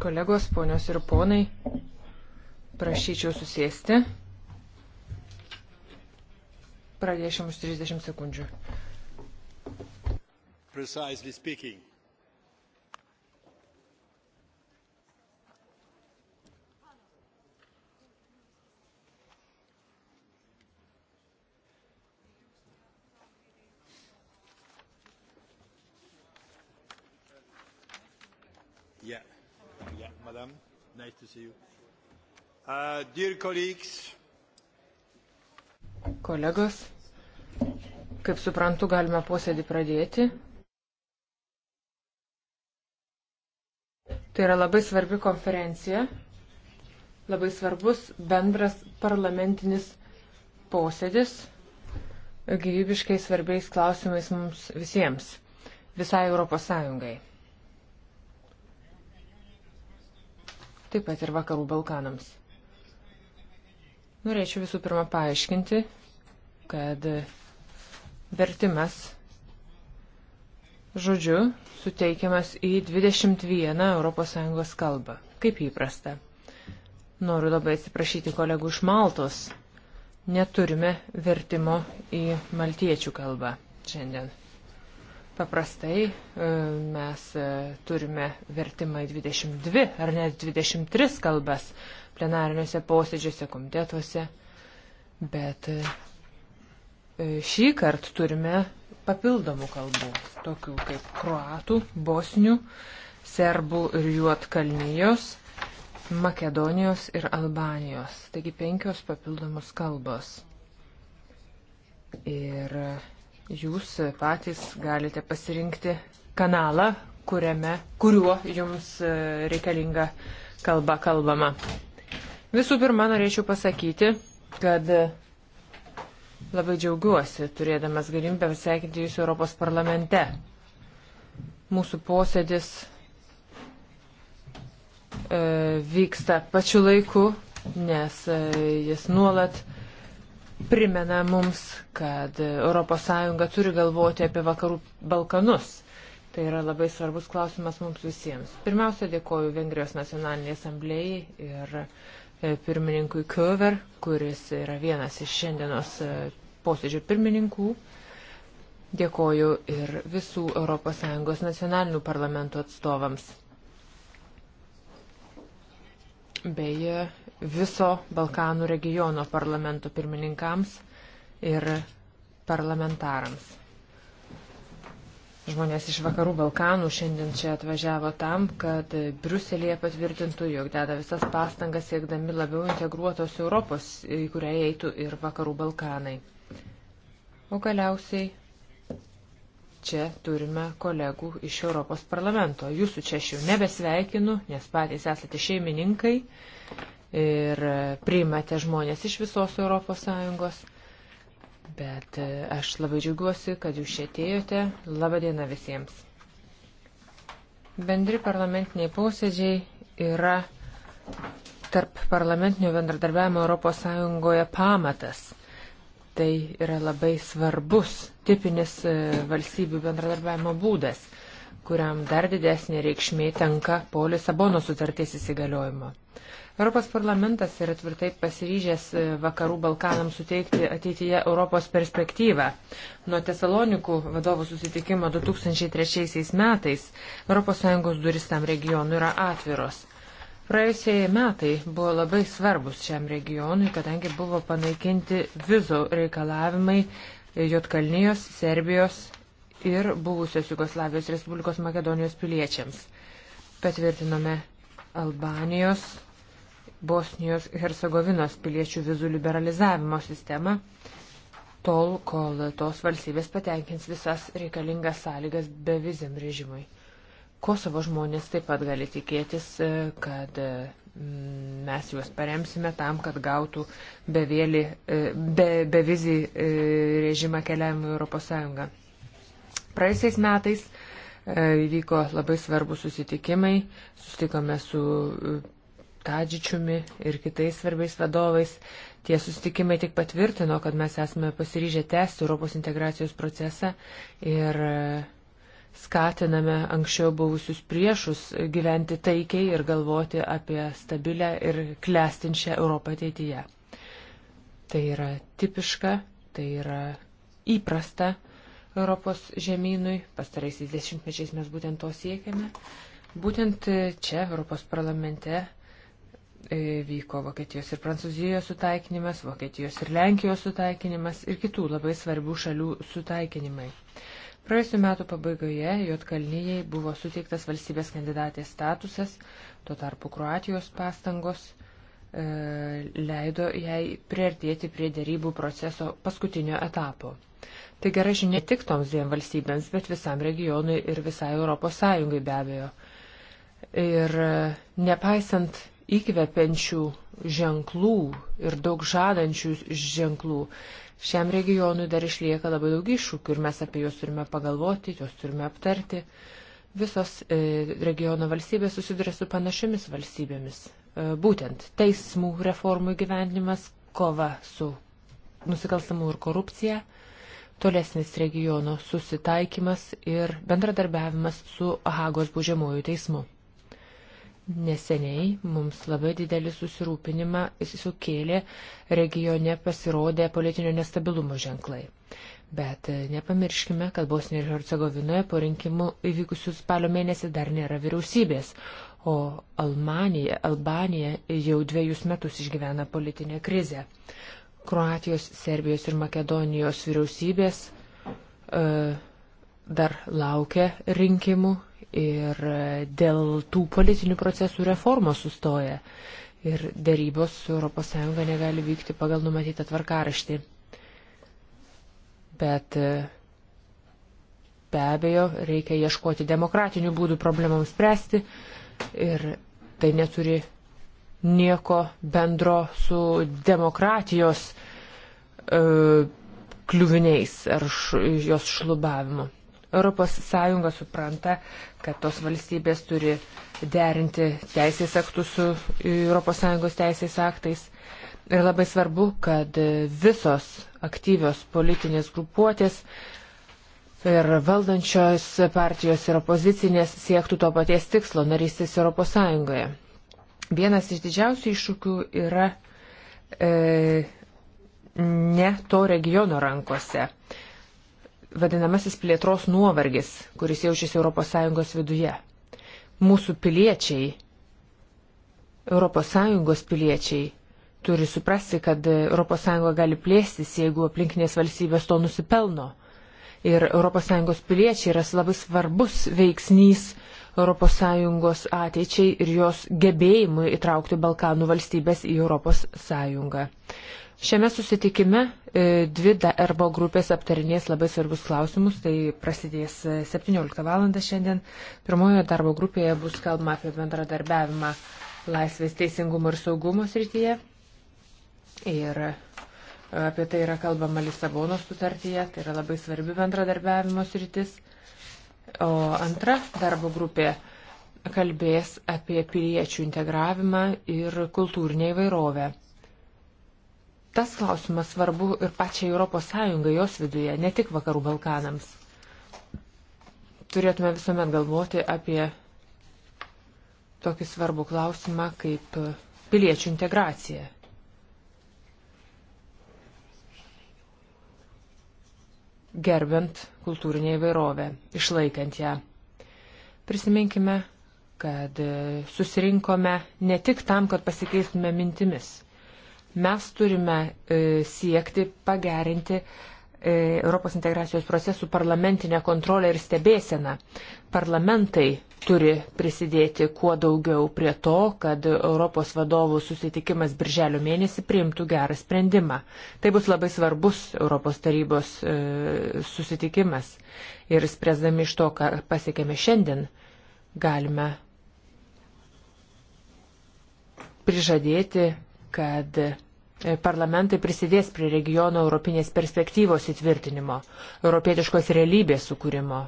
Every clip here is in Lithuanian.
Kolegos, ponios ir ponai, prašyčiau susėsti. Pradėšim už 30 sekundžių. Precisely speaking. to see you. Uh, dear colleagues. Kolegos, kaip suprantu, galime posėdį pradėti. Tai yra labai svarbi konferencija, labai svarbus bendras parlamentinis posėdis gyvybiškai svarbiais klausimais mums visiems, visai Europos Sąjungai. taip pat ir vakarų Balkanams. Norėčiau visų pirma paaiškinti, kad vertimas žodžiu suteikiamas į 21 ES kalbą, kaip įprasta. Noriu labai atsiprašyti kolegų iš Maltos. Neturime vertimo į maltiečių kalbą šiandien. Paprastai e, mes e, turime vertimą į 22 ar net 23 kalbas plenariniuose posėdžiuose, komitetuose, bet e, šį kartą turime papildomų kalbų, tokių kaip kroatų, bosnių, serbų ir juotkalnyjos, Makedonijos ir Albanijos. Taigi penkios papildomos kalbos. Ir Jūs patys galite pasirinkti kanalą, kuriame, kuriuo jums e, reikalinga kalba kalbama. Visų pirma, norėčiau pasakyti, kad labai džiaugiuosi turėdamas galimybę pasveikinti Jūsų Europos parlamente. Mūsų posėdis e, vyksta pačiu laiku, nes e, jis nuolat e, primena mums, kad ES turi galvoti apie vakarų Balkanus. Tai yra labai svarbus klausimas mums visiems. Pirmiausia, dėkoju Vengrijos nacionaliniai asamblėjai ir e, pirmininkui Köver, kuris yra vienas iš šiandienos e, posėdžio pirmininkų. Dėkoju ir visų ES nacionalinių parlamentų atstovams. Beje, viso Balkanų regiono parlamento pirmininkams ir parlamentarams. Žmonės iš vakarų Balkanų šiandien čia atvažiavo tam, kad Briuselėje patvirtintų, jog deda visas pastangas siekdami labiau integruotos Europos, į kurią eitų ir vakarų Balkanai. O galiausiai čia turime kolegų iš Europos parlamento. Jūsų čia aš jau nebesveikinu, nes patys esate šeimininkai ir priimate žmonės iš visos ES. Bet e, aš labai džiaugiuosi, kad jūs čia atėjote. Labadiena visiems. Bendri parlamentiniai posėdžiai yra tarp parlamentinio bendradarbiavimo ES pamatas. Tai yra labai svarbus, tipinis e, valstybių bendradarbiavimo būdas, kuriam dar didesnė reikšmė tenka po Lisabono sutarties įsigaliojimo. Europos parlamentas yra tvirtai pasiryžęs e, vakarų Balkanams suteikti ateityje Europos perspektyvą. Nuo Tesalonikų vadovų susitikimo 2003 metais ES duris tam regionui yra atviros. Praėjusieji metai buvo labai svarbus šiam regionui, kadangi buvo panaikinti vizų reikalavimai Jotkalnijos, Serbijos ir buvusios Jugoslavijos Respublikos Makedonijos piliečiams. Patvirtinome Albanijos Bosnijos Hercegovinos piliečių vizų liberalizavimo sistemą, tol, kol tos valstybės patenkins visas reikalingas sąlygas be viziam režimui. Kosovo žmonės taip pat gali tikėtis, e, kad mm, mes juos paremsime tam, kad gautų bevėlį, e, be, be vizį e, režimą keliavimui Europos Sąjungą. Praėjusiais metais įvyko labai svarbus susitikimai, susitikome su Tadžičiumi ir kitais svarbiais vadovais. Tie susitikimai tik patvirtino, kad mes esame pasiryžę tęsti Europos integracijos procesą ir e, skatiname anksčiau buvusius priešus gyventi taikiai ir galvoti apie stabilę ir klestinčią Europą ateityje. Tai yra tipiška, tai yra įprasta Europos žemynui. Pastaraisiais dešimtmečiais mes būtent to siekiame. Būtent e, čia, Europos parlamente, E, vyko Vokietijos ir Prancūzijos sutaikinimas, Vokietijos ir Lenkijos sutaikinimas ir kitų labai svarbių šalių sutaikinimai. Praėjusiu metu pabaigoje Jotkalnyjei buvo suteiktas valstybės kandidatės statusas, tuo tarpu Kroatijos pastangos e, leido jai priartėti prie dėrybų proceso paskutinio etapo. Tai gera žinia tik toms dviem valstybėms, bet visam regionui ir visai Europos Sąjungai be abejo. Ir e, nepaisant įkvepiančių ženklų ir daug žadančių ženklų. Šiam regionui dar išlieka labai daug iššūkių ir mes apie juos turime pagalvoti, juos turime aptarti. Visos e, regiono valstybės susiduria su panašiamis valstybėmis. E, būtent teismų reformų gyvenimas, kova su nusikalstamu ir korupcija, tolesnis regiono susitaikymas ir bendradarbiavimas su Hagos būžiamųjų teismu. Neseniai mums labai didelį susirūpinimą sukėlė regione pasirodę politinio nestabilumo ženklai. Bet e, nepamirškime, kad Bosnijoje ir Hercegovinoje po rinkimų įvykusių spalio mėnesį dar nėra vyriausybės, o Almanija, Albanija jau dviejus metus išgyvena politinę krizę. Kroatijos, Serbijos ir Makedonijos vyriausybės e, dar laukia rinkimų ir dėl tų politinių procesų reformos sustoja ir dėrybos su ES negali vykti pagal numatytą tvarkaraštį. Bet e, be abejo, reikia ieškoti demokratinių būdų problemams spręsti ir tai neturi nieko bendro su demokratijos e, kliuviniais ar š, jos šlubavimu. ES supranta, kad tos valstybės turi derinti teisės aktus su ES teisės aktais. Ir labai svarbu, kad visos aktyvios politinės grupuotės ir valdančios partijos ir opozicinės siektų to paties tikslo - narystės ES. Vienas iš didžiausių iššūkių yra e, ne to regiono rankose. E, vadinamasis plėtros nuovargis, kuris jaučiasi ES viduje. Mūsų piliečiai, ES piliečiai, turi suprasti, kad ES gali plėstis, jeigu aplinkinės valstybės to nusipelno. Ir ES piliečiai yra labai svarbus veiksnys ES ateičiai ir jos gebėjimui įtraukti Balkanų valstybės į ES. Šiame susitikime e, dvi darbo grupės aptarinės labai svarbus klausimus, tai prasidės 17 e, val. šiandien. Pirmojoje darbo grupėje bus kalbama apie bendradarbiavimą laisvės teisingumo ir saugumo srityje. Ir e, apie tai yra kalbama Lisabono sutartyje, tai yra labai svarbi bendradarbiavimo sritis. O antra darbo grupė kalbės apie piliečių integravimą ir kultūrinę įvairovę. Tas klausimas svarbu ir pačiai ES, jos viduje, ne tik Vakarų Balkanams. Turėtume visuomet galvoti apie tokį svarbų klausimą kaip piliečių integracija. Gerbent kultūrinę įvairovę, išlaikant ją. Prisiminkime, kad susirinkome ne tik tam, kad pasikeistume mintimis. Mes turime e, siekti pagerinti e, Europos integracijos procesų parlamentinę kontrolę ir stebėseną. Parlamentai turi prisidėti kuo daugiau prie to, kad Europos vadovų susitikimas birželio mėnesį priimtų gerą sprendimą. Tai bus labai svarbus Europos tarybos e, susitikimas. Ir spręsdami iš to, ką pasiekėme šiandien, galime prižadėti, kad E, parlamentai prisidės prie regiono europinės perspektyvos įtvirtinimo, europietiškos realybės sukūrimo,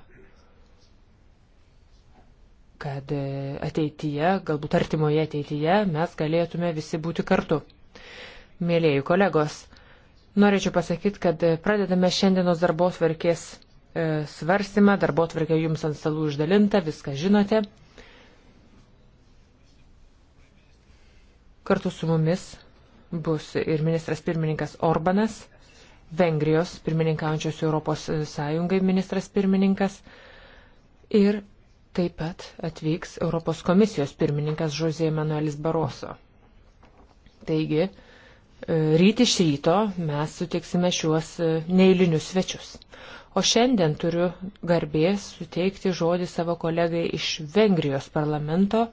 kad e, ateityje, galbūt artimoje ateityje, mes galėtume visi būti kartu. Mėlėjai kolegos, norėčiau pasakyti, kad e, pradedame šiandienos darbos verkės svarstymą, darbo tvarkė jums ant stalų išdalinta, viską žinote. Kartu su mumis bus ir ministras pirmininkas Orbanas, Vengrijos pirmininkaujančios Europos Sąjungai ministras pirmininkas ir taip pat atvyks Europos komisijos pirmininkas Žozė Manuelis Baroso. Taigi, e, ryt iš ryto mes sutiksime šiuos e, neįlinius svečius. O šiandien turiu garbės suteikti žodį savo kolegai iš Vengrijos parlamento,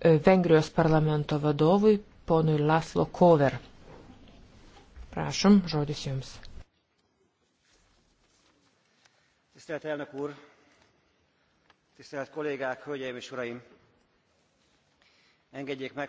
e, Vengrijos parlamento vadovui ponui Laslo Kover. Prašom, žodis jums. Tisztelt elnök úr, tisztelt kollégák, hölgyeim és uraim! Engedjék meg...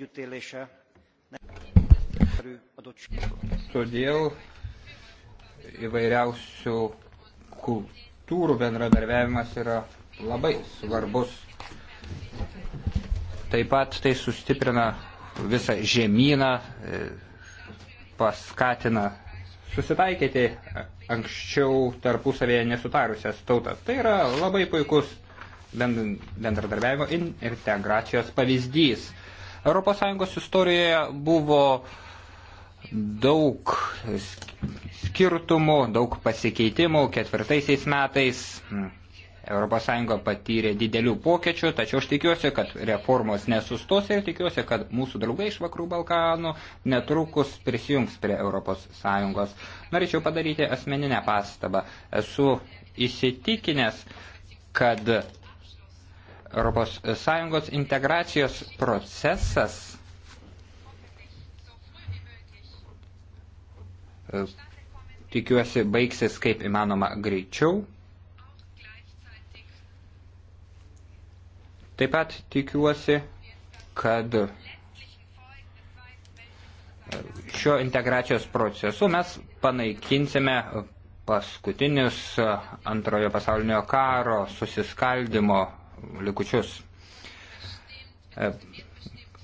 együttélése Todėl įvairiausių kultūrų bendradarbiavimas yra labai svarbus. Taip pat tai sustiprina visą žemyną, e, paskatina susitaikyti anksčiau tarpusavėje nesutarusias tautas. Tai yra labai puikus bendradarbiavimo integracijos pavyzdys. ES istorijoje buvo daug skirtumų, daug pasikeitimų. Ketvirtaisiais metais ES patyrė didelių pokyčių, tačiau aš tikiuosi, kad reformos nesustos ir tikiuosi, kad mūsų draugai iš Vakarų Balkanų netrukus prisijungs prie ES. Norėčiau padaryti asmeninę pastabą. Esu įsitikinęs, kad ES integracijos procesas e, tikiuosi baigsis kaip įmanoma greičiau. Taip pat tikiuosi, kad šio integracijos procesu mes panaikinsime paskutinius antrojo pasaulinio karo susiskaldimo likučius. E,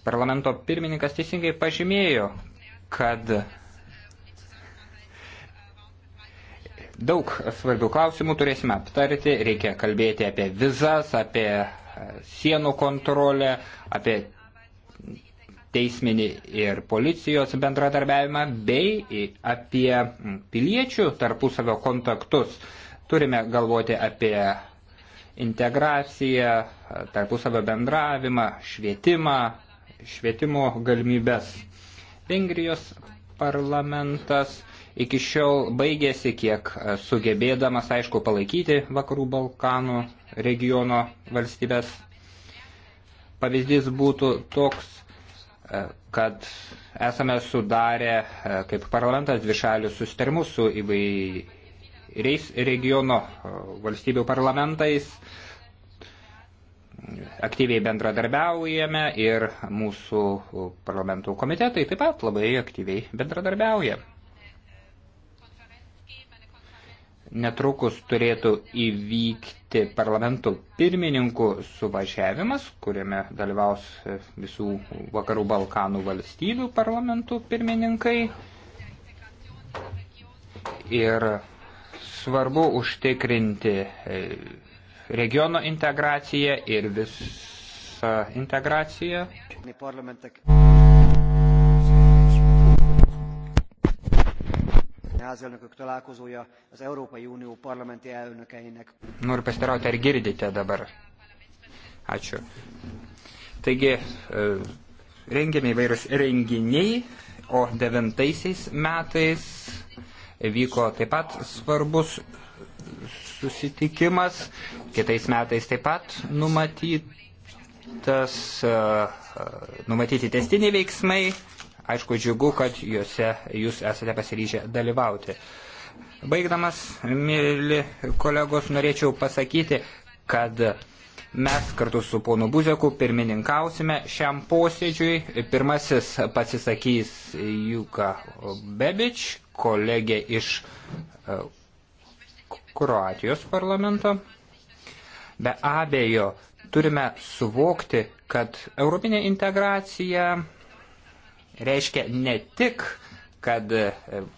parlamento pirmininkas teisingai pažymėjo, kad daug svarbių klausimų turėsime aptarti, reikia kalbėti apie vizas, apie sienų kontrolę, apie teisminį ir policijos bendradarbiavimą bei apie piliečių tarpusavio kontaktus. Turime galvoti apie integraciją, tarpusavio bendravimą, švietimą, švietimo galimybės. Vengrijos parlamentas iki šiol baigėsi kiek sugebėdamas, aišku, palaikyti Vakarų Balkanų regiono valstybės. Pavyzdys būtų toks, kad esame sudarę kaip parlamentas dvišalius sustarimus su įvai, reis regiono e, valstybių parlamentais. Aktyviai bendradarbiaujame ir mūsų parlamentų komitetai taip pat labai aktyviai bendradarbiauja. Netrukus turėtų įvykti parlamentų pirmininkų suvažiavimas, kuriame dalyvaus visų vakarų Balkanų valstybių parlamentų pirmininkai. Ir svarbu užtikrinti e, regiono integraciją ir visą integraciją. házelnökök találkozója az Európai Unió parlamenti elnökeinek. Noriu pasirauti, ar girdite dabar. Ačiū. Taigi, e, rengiami įvairūs renginiai, o devintaisiais metais vyko taip pat svarbus susitikimas, kitais metais taip pat numatytas, e, e, numatyti testiniai veiksmai, aišku džiugu, kad juose jūs esate pasiryžę dalyvauti. Baigdamas, mėly kolegos, norėčiau pasakyti, kad Mes kartu su ponu Buzeku pirmininkausime šiam posėdžiui. Pirmasis pasisakys Juka Bebič, kolegė iš e, Kroatijos parlamento. Be abejo, turime suvokti, kad europinė integracija reiškia ne tik kad e,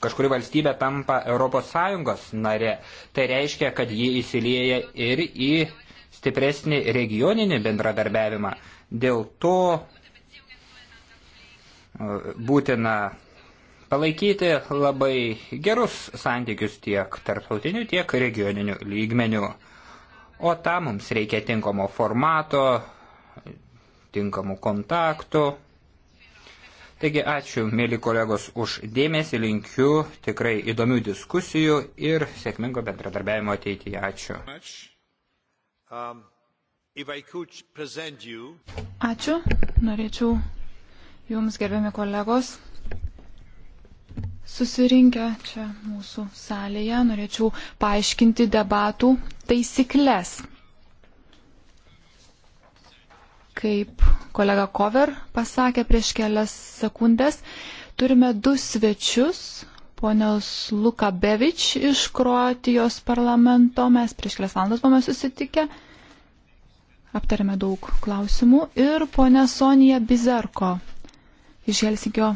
kažkuri valstybė tampa ES nare. Tai reiškia, kad ji įsilieja ir į stipresnį regioninį bendradarbiavimą. Dėl to e, būtina palaikyti labai gerus santykius tiek tarptautinių, tiek regioninių lygmenių. O tam mums reikia tinkamo formato, tinkamų kontaktų. Taigi ačiū, mėly kolegos, už dėmesį, linkiu tikrai įdomių diskusijų ir sėkmingo bendradarbiavimo ateityje. Ačiū. ačiū. Um, you... Ačiū. Norėčiau Jums, gerbiami kolegos, susirinkę čia mūsų salėje, norėčiau paaiškinti debatų taisyklės. Kaip kolega Kover pasakė prieš kelias sekundės, turime du svečius ponios Luka Bevič iš Kroatijos parlamento. Mes prieš kelias valandas buvome susitikę, aptarėme daug klausimų. Ir ponia Sonija Bizerko iš Helsinkio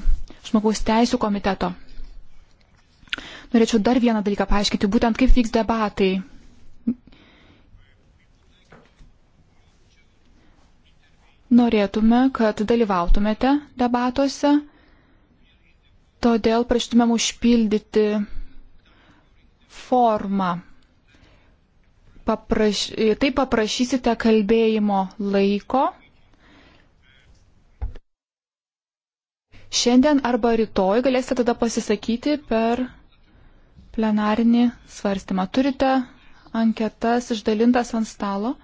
žmogaus teisų komiteto. Norėčiau dar vieną dalyką paaiškinti, būtent kaip vyks debatai. Norėtume, kad dalyvautumėte debatuose Todėl prašytumėm užpildyti formą. Papraš... E, Taip paprašysite kalbėjimo laiko šiandien arba rytoj galėsite tada pasisakyti per plenarinį svarstymą. Turite anketas išdalintas ant stalo.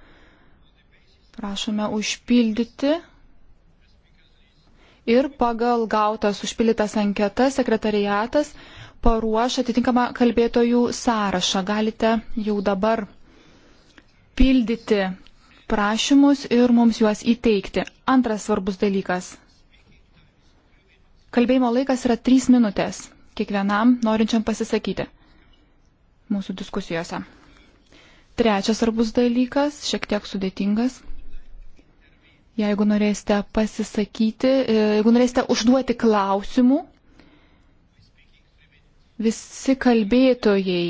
Prašome užpildyti ir pagal gautas užpildytas anketas sekretariatas paruoš atitinkamą kalbėtojų sąrašą. Galite jau dabar pildyti prašymus ir mums juos įteikti. Antras svarbus dalykas. Kalbėjimo laikas yra 3 minutės kiekvienam norinčiam pasisakyti mūsų diskusijose. Trečias svarbus dalykas, šiek tiek sudėtingas. Jeigu norėsite pasisakyti, e, jeigu norėsite užduoti klausimų, visi kalbėtojai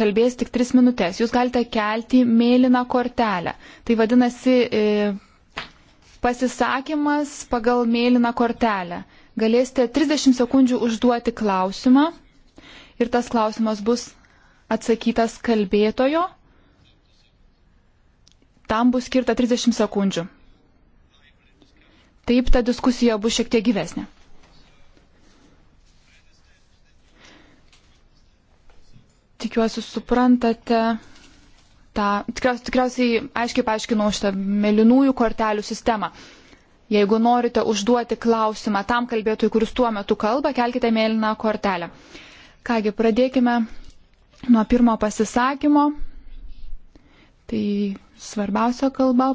kalbės tik tris minutės. Jūs galite kelti mėlyną kortelę. Tai vadinasi e, pasisakymas pagal mėlyną kortelę. Galėsite 30 sekundžių užduoti klausimą ir tas klausimas bus atsakytas kalbėtojo. Tam bus skirta 30 sekundžių. Taip ta diskusija bus šiek tiek gyvesnė. Tikiuosi suprantate. Ta, tikriausiai, tikriausiai aiškiai paaiškinau šitą melinųjų kortelių sistemą. Jeigu norite užduoti klausimą tam kalbėtojui, kuris tuo metu kalba, kelkite mėlyną kortelę. Kągi, pradėkime nuo pirmo pasisakymo. Tai svarbiausia kalba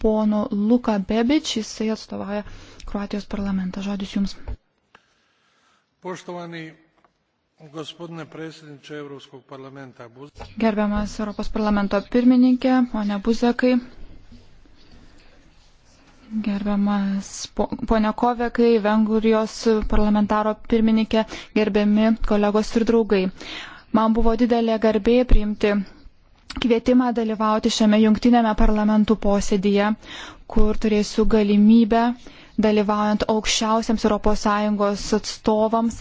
pono Luka Bebič, jisai atstovauja Kroatijos parlamentą. Žodis jums. Poštovani gospodine predsjedniče Europskog parlamenta. Buz... Gerbiamas Europos parlamento pirmininkė, ponia Buzekai. Gerbiamas ponia Kovekai, Vengrijos parlamentaro pirmininkė, gerbiami kolegos ir draugai. Man buvo didelė garbė priimti kvietimą dalyvauti šiame jungtinėme parlamentų posėdėje, kur turėsiu galimybę, dalyvaujant aukščiausiams ES atstovams,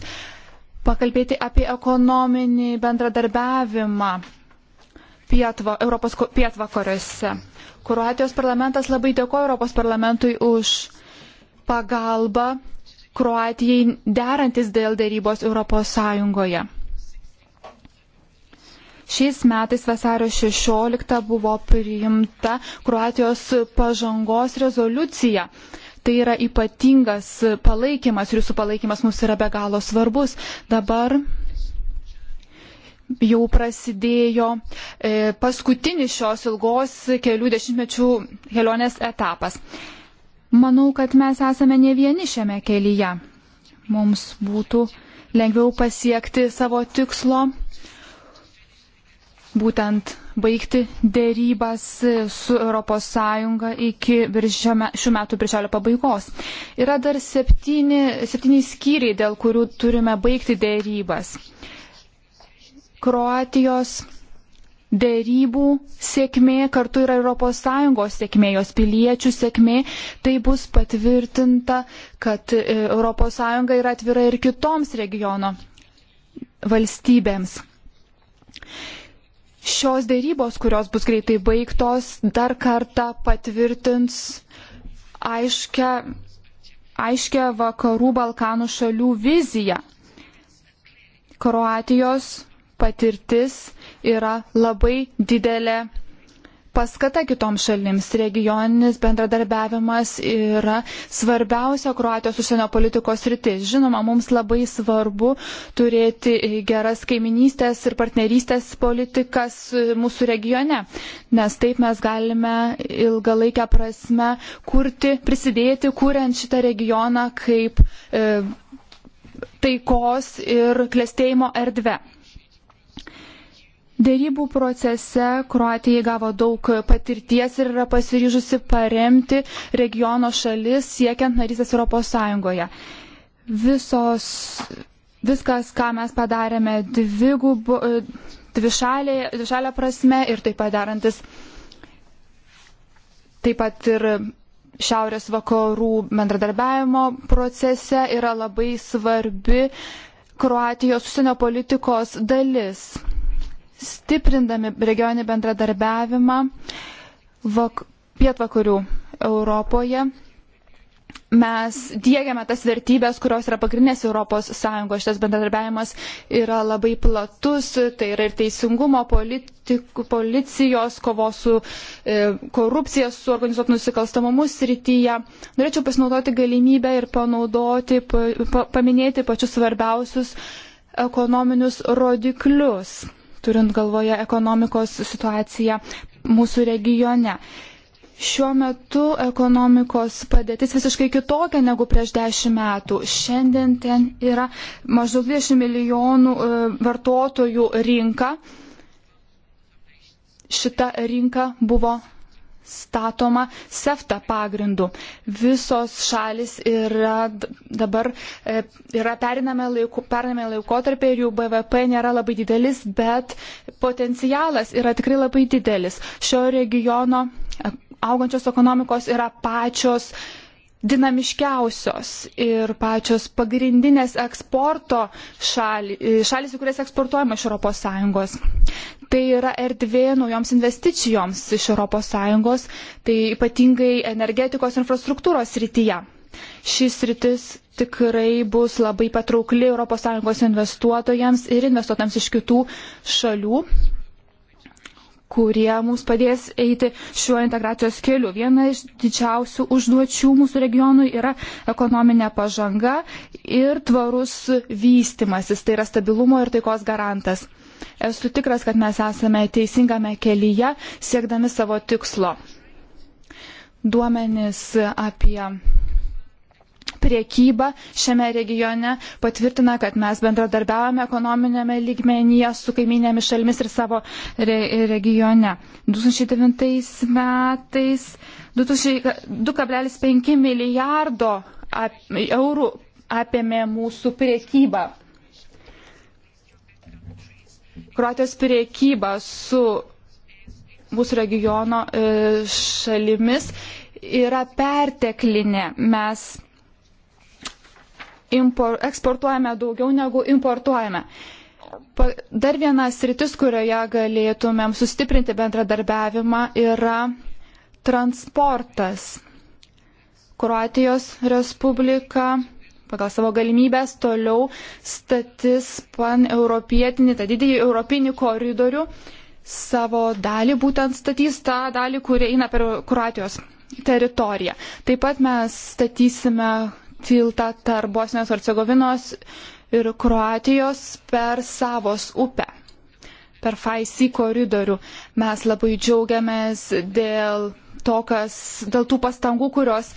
pakalbėti apie ekonominį bendradarbiavimą pietva, Europos pietvakariuose. Kroatijos parlamentas labai dėkoja Europos parlamentui už pagalbą Kroatijai derantis dėl dėrybos ES. Šiais metais vasario 16 buvo priimta Kroatijos pažangos rezoliucija. Tai yra ypatingas palaikymas ir jūsų palaikymas mums yra be galo svarbus. Dabar jau prasidėjo e, paskutinis šios ilgos kelių dešimtmečių kelionės etapas. Manau, kad mes esame ne vieni šiame kelyje. Mums būtų lengviau pasiekti savo tikslo būtent baigti dėrybas su ES iki biržiame, šių metų birželio pabaigos. Yra dar septyni, septyni skyriai, dėl kurių turime baigti dėrybas. Kroatijos dėrybų sėkmė kartu yra ES sėkmė, jos piliečių sėkmė. Tai bus patvirtinta, kad ES yra atvira ir kitoms regiono valstybėms. Šios dėrybos, kurios bus greitai baigtos, dar kartą patvirtins aiškę, aiškę vakarų Balkanų šalių viziją. Kroatijos patirtis yra labai didelė paskata kitoms šalims. Regioninis bendradarbiavimas yra svarbiausia Kroatijos užsienio politikos rytis. Žinoma, mums labai svarbu turėti geras kaiminystės ir partnerystės politikas mūsų regione, nes taip mes galime ilgalaikę prasme kurti, prisidėti, kuriant šitą regioną kaip e, taikos ir klėstėjimo erdvę. Dėrybų procese Kroatija gavo daug patirties ir yra pasiryžusi paremti regiono šalis siekiant narysės Europos Sąjungoje. Visos, viskas, ką mes padarėme dvigubu, dvišalė, dvišalė prasme ir taip pat darantis taip pat ir šiaurės vakarų bendradarbiavimo procese yra labai svarbi Kroatijos užsienio politikos dalis stiprindami regioninį bendradarbiavimą vak, pietvakarių Europoje. Mes dėgiame tas vertybės, kurios yra pagrindinės ES. Šitas bendradarbiavimas yra labai platus, tai yra ir teisingumo, politik, policijos, kovos su e, korupcija, su organizuotų nusikalstamumu srityje. Norėčiau pasinaudoti galimybę ir panaudoti, pa, pa, paminėti pačius svarbiausius ekonominius rodiklius turint galvoje ekonomikos situaciją mūsų regione. Šiuo metu ekonomikos padėtis visiškai kitokia negu prieš dešimt metų. Šiandien ten yra maždaug 20 milijonų e, vartotojų rinka. Šita rinka buvo statoma SEFTA pagrindu. Visos šalis yra dabar e, yra periname, laiku, periname laikotarpį ir jų BVP nėra labai didelis, bet potencialas yra tikrai labai didelis. Šio regiono e, augančios ekonomikos yra pačios dinamiškiausios ir pačios pagrindinės eksporto šali, šalis, į kurias eksportuojama iš ES tai yra erdvė naujoms investicijoms iš ES, tai ypatingai energetikos infrastruktūros srityje. Šis rytis tikrai bus labai patraukli ES investuotojams ir investuotojams iš kitų šalių kurie mums padės eiti šiuo integracijos keliu. Viena iš didžiausių užduočių mūsų regionui yra ekonominė pažanga ir tvarus vystimasis, tai yra stabilumo ir taikos garantas. Esu tikras, kad mes esame teisingame kelyje, siekdami savo tikslo. Duomenys apie priekyba šiame regione patvirtina, kad mes bendradarbiavame ekonominėme lygmenyje su kaiminėmis šalimis ir savo re regione. 2009 metais 2,5 milijardo ap eurų apėmė mūsų priekybą. Kroatijos priekybą su mūsų regiono e, šalimis yra perteklinė. Mes impor, eksportuojame daugiau negu importuojame. Dar vienas rytis, kurioje galėtumėm sustiprinti bendradarbiavimą, yra transportas. Kroatijos Respublika pagal savo galimybės toliau statys paneuropietinį, tą didįjį europinį koridorių, savo dalį būtent statys tą dalį, kuri eina per Kroatijos teritoriją. Taip pat mes statysime tiltą tarp Bosnijos Hercegovinos ir Kroatijos per Savos upę. Per Faisy koridorių mes labai džiaugiamės dėl to, kas, dėl tų pastangų, kurios,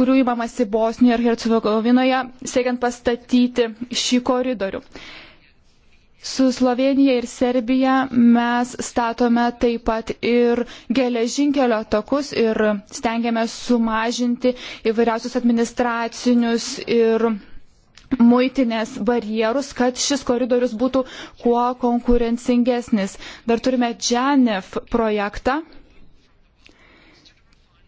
kurių įmamasi Bosnijoje ir Hercegovinoje, siekiant pastatyti šį koridorių. Su Slovenija ir Serbija mes statome taip pat ir geležinkelio takus ir stengiamės sumažinti įvairiausius administracinius ir muitinės barjerus, kad šis koridorius būtų kuo konkurencingesnis. Dar turime Dženev projektą,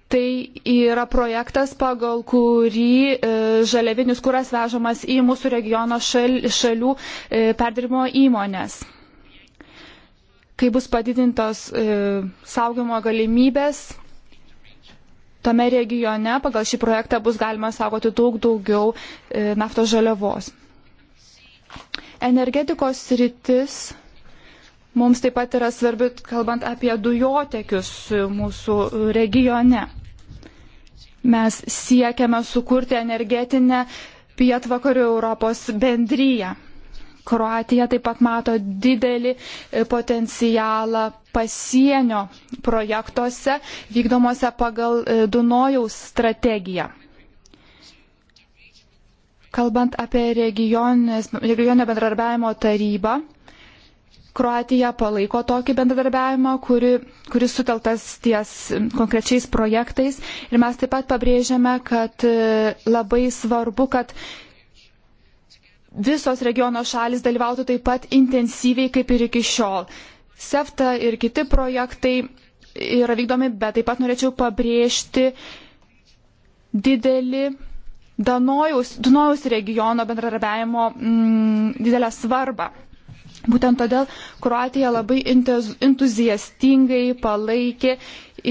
Tai yra projektas, pagal kurį e, žaliavinis kuras vežamas į mūsų regiono šal, šalių e, perdirimo įmonės. Kai bus padidintos e, saugimo galimybės, tame regione pagal šį projektą bus galima saugoti daug daugiau naftos žaliavos. Energetikos rytis mums taip pat yra svarbi, kalbant apie dujotekius mūsų regione. Mes siekiame sukurti energetinę pietvakarių Europos bendryją. Kroatija taip pat mato didelį e, potencialą pasienio projektuose vykdomuose pagal e, Dunojaus strategiją. Kalbant apie regioninio bendradarbiavimo tarybą, Kroatija palaiko tokį bendradarbiavimą, kuri, kuris suteltas ties konkrečiais projektais. Ir mes taip pat pabrėžiame, kad e, labai svarbu, kad visos regiono šalis dalyvautų taip pat intensyviai kaip ir iki šiol. SEFTA ir kiti projektai yra vykdomi, bet taip pat norėčiau pabrėžti didelį Danojaus, Dunojaus regiono bendradarbiavimo mm, didelę svarbą. Būtent todėl Kroatija labai entuziastingai palaikė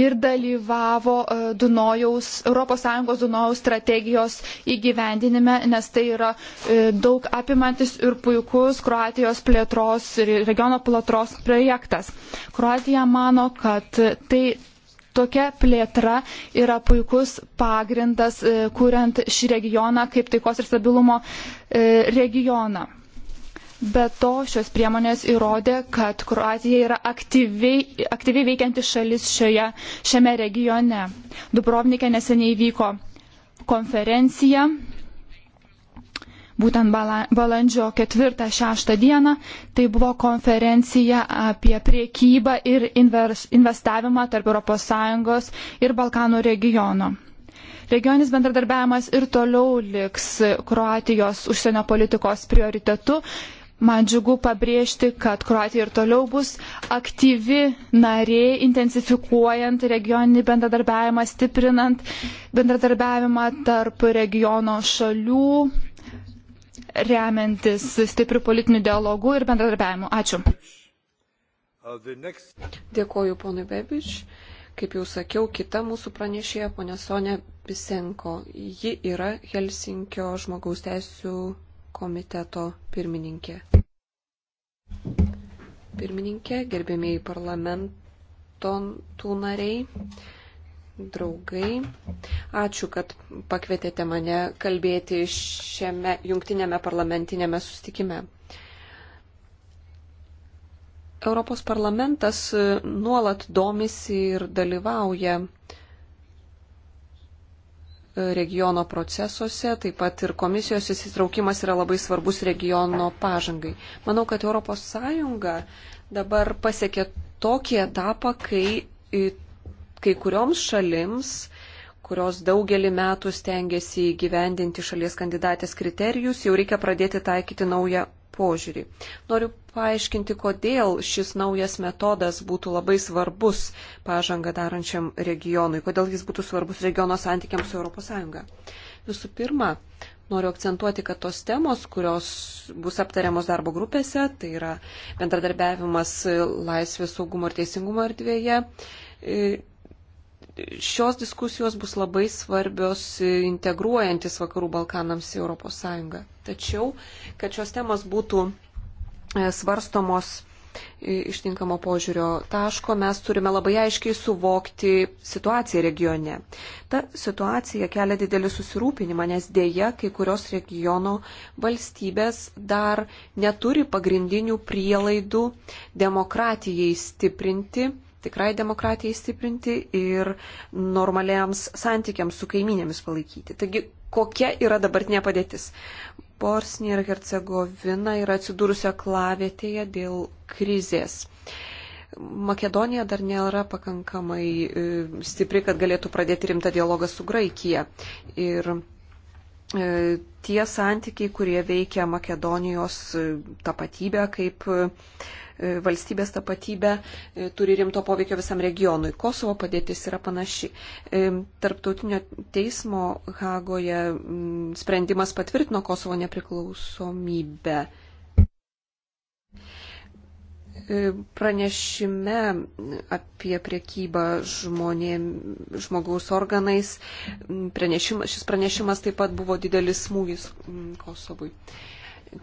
ir dalyvavo e, Dunojaus, ES Dunojaus strategijos įgyvendinime, nes tai yra e, daug apimantis ir puikus Kroatijos plėtros ir regiono plėtros projektas. Kroatija mano, kad tai tokia plėtra yra puikus pagrindas, e, kuriant šį regioną kaip taikos ir stabilumo regioną. Be to, šios priemonės įrodė, kad Kroatija yra aktyviai, aktyviai veikianti šalis šioje, šiame regione. Dubrovnikė neseniai vyko konferencija, būtent balandžio 4-6 dieną. Tai buvo konferencija apie priekybą ir investavimą tarp ES ir Balkanų regiono. Regioninis bendradarbiavimas ir toliau liks Kroatijos užsienio politikos prioritetu Man džiugu pabrėžti, kad Kroatija ir toliau bus aktyvi narė, intensifikuojant regioninį bendradarbiavimą, stiprinant bendradarbiavimą tarp regiono šalių, remiantis stipriu politiniu dialogu ir bendradarbiavimu. Ačiū. Dėkoju, ponui Bebič. Kaip jau sakiau, kita mūsų pranešėja, ponė Sonė Pisenko. Ji yra Helsinkio žmogaus teisų komiteto pirmininkė. Pirmininkė, gerbėmiai parlamento nariai, draugai, ačiū, kad pakvietėte mane kalbėti šiame jungtinėme parlamentinėme sustikime. Europos parlamentas nuolat domisi ir dalyvauja regiono procesuose, taip pat ir komisijos įsitraukimas yra labai svarbus regiono pažangai. Manau, kad ES dabar pasiekė tokį etapą, kai kai kurioms šalims, kurios daugelį metų stengiasi įgyvendinti šalies kandidatės kriterijus, jau reikia pradėti taikyti naują požiūrį. Noriu paaiškinti, kodėl šis naujas metodas būtų labai svarbus pažangą darančiam regionui, kodėl jis būtų svarbus regiono santykiams su ES. Visų pirma, noriu akcentuoti, kad tos temos, kurios bus aptariamos darbo grupėse, tai yra bendradarbiavimas laisvės saugumo ir teisingumo erdvėje, e, šios diskusijos bus labai svarbios e, integruojantis Vakarų Balkanams į ES. Tačiau, kad šios temos būtų E, svarstomos ištinkamo požiūrio taško, mes turime labai aiškiai suvokti situaciją regione. Ta situacija kelia didelį susirūpinimą, nes dėja kai kurios regiono valstybės dar neturi pagrindinių prielaidų demokratijai stiprinti tikrai demokratijai stiprinti ir normaliams santykiams su kaiminėmis palaikyti. Taigi, kokia yra dabartinė padėtis? Bosnija ir Hercegovina yra atsidūrusi aklavietėje dėl krizės. Makedonija dar nėra pakankamai e, stipri, kad galėtų pradėti rimtą dialogą su Graikija. Ir E, tie santykiai, kurie veikia Makedonijos e, tapatybę kaip e, valstybės tapatybė turi rimto poveikio visam regionui. Kosovo padėtis yra panaši. Tarptautinio teismo Hagoje sprendimas patvirtino Kosovo nepriklausomybę. E, pranešime apie priekybą žmonė, žmogaus organais pranešimas, šis pranešimas taip pat buvo didelis smūgis Kosovui.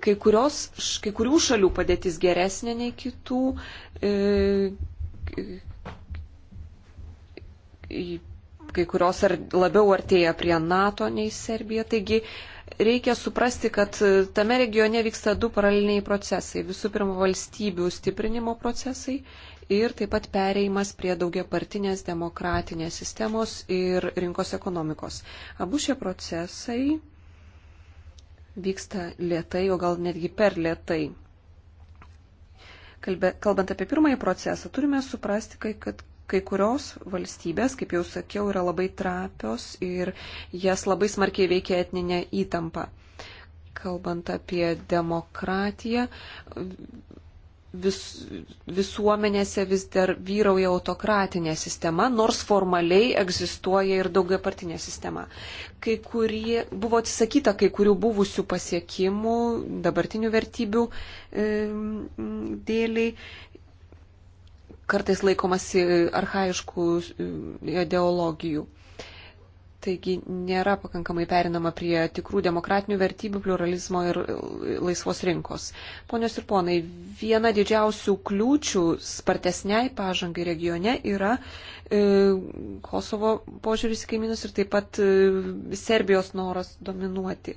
Kai, kurios, kai kurių šalių padėtis geresnė nei kitų. E, kai kurios ar labiau artėja prie NATO nei Serbija. Taigi reikia suprasti, kad tame regione vyksta du paraleliniai procesai. Visų pirma, valstybių stiprinimo procesai ir taip pat pereimas prie daugiapartinės demokratinės sistemos ir rinkos ekonomikos. Abu šie procesai vyksta lietai, o gal netgi per lietai. Kalbant apie pirmąjį procesą, turime suprasti, kad kai kurios valstybės, kaip jau sakiau, yra labai trapios ir jas labai smarkiai veikia etninė įtampa. Kalbant apie demokratiją, vis, visuomenėse vis dar vyrauja autokratinė sistema, nors formaliai egzistuoja ir daugia partinė sistema. Kai kurie, buvo atsisakyta kai kurių buvusių pasiekimų, dabartinių vertybių e, dėliai kartais laikomasi e, arhaiškų e, ideologijų. Taigi nėra pakankamai perinama prie tikrų demokratinių vertybių, pluralizmo ir e, laisvos rinkos. Ponios ir ponai, viena didžiausių kliūčių spartesniai pažangai regione yra e, Kosovo požiūris į kaimynus ir taip pat e, Serbijos noras dominuoti.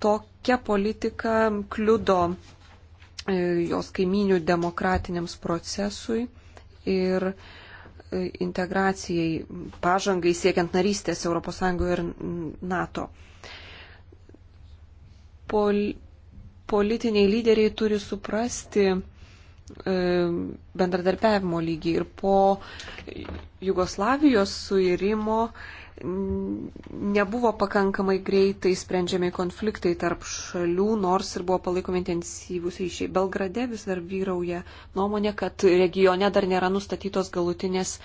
Tokia politika kliudo E, jos kaiminių demokratiniams procesui ir e, integracijai, pažangai siekiant narystės ES ir NATO. Pol, politiniai lyderiai turi suprasti e, bendradarbiavimo lygį ir po Jugoslavijos suirimo nebuvo pakankamai greitai sprendžiami konfliktai tarp šalių, nors ir buvo palaikomi intensyvūs ryšiai. Belgrade vis dar vyrauja nuomonė, kad regione dar nėra nustatytos galutinės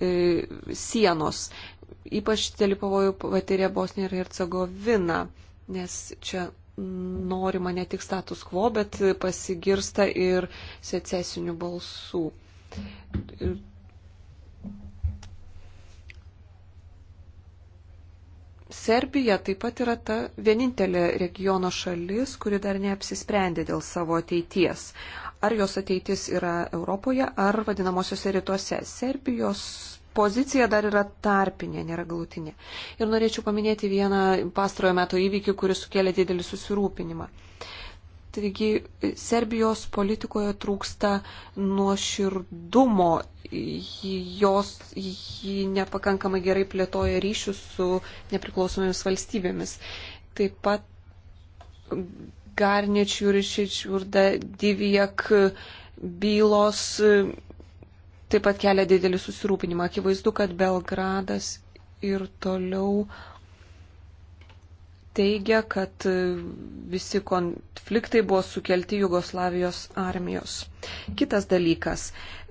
e, sienos. Ypač dėl pavojų patyrė Bosnija ir Hercegovina, nes čia norima ne tik status quo, bet pasigirsta ir secesinių balsų. Ir Serbija taip pat yra ta vienintelė regiono šalis, kuri dar neapsisprendė dėl savo ateities. Ar jos ateitis yra Europoje ar vadinamosiose rytuose. Serbijos pozicija dar yra tarpinė, nėra galutinė. Ir norėčiau paminėti vieną pastarojo meto įvykį, kuris sukėlė didelį susirūpinimą. Uh, Taigi Serbijos politikoje trūksta nuoširdumo, jos ji nepakankamai gerai plėtoja ryšius su nepriklausomomis valstybėmis. Taip pat Garnič, Jurišič, Urda, Divijak bylos taip pat kelia didelį susirūpinimą. Akivaizdu, kad Belgradas ir toliau teigia, kad e, visi konfliktai buvo sukelti Jugoslavijos armijos. Kitas dalykas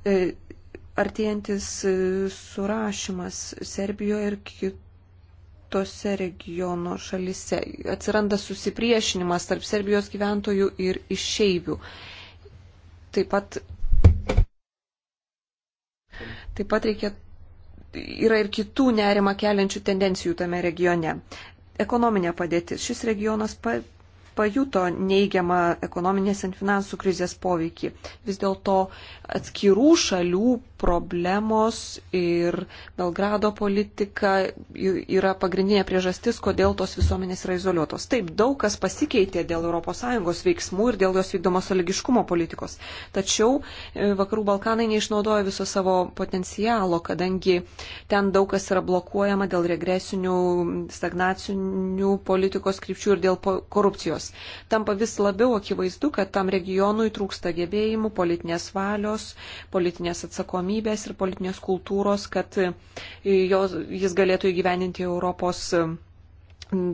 e, - artėjantis e, surašymas Serbijoje ir kitose regiono šalise. Atsiranda susipriešinimas tarp Serbijos gyventojų ir išeivių. Taip pat, taip pat reikia yra ir kitų nerima keliančių tendencijų tame regione ekonominė padėtis. Šis regionas pajuto neigiamą ekonominės ir finansų krizės poveikį. Vis dėlto atskirų šalių problemos ir Belgrado politika yra pagrindinė priežastis, kodėl tos visuomenės yra izoliuotos. Taip, daug kas pasikeitė dėl ES veiksmų ir dėl jos vykdomos saligiškumo politikos. Tačiau e, Vakarų Balkanai neišnaudoja viso savo potencialo, kadangi ten daug kas yra blokuojama dėl regresinių, stagnacinių politikos krypčių ir dėl korupcijos regionas. Tampa vis labiau akivaizdu, kad tam regionui trūksta gebėjimų, politinės valios, politinės atsakomybės ir politinės kultūros, kad jos, jis galėtų įgyveninti Europos um,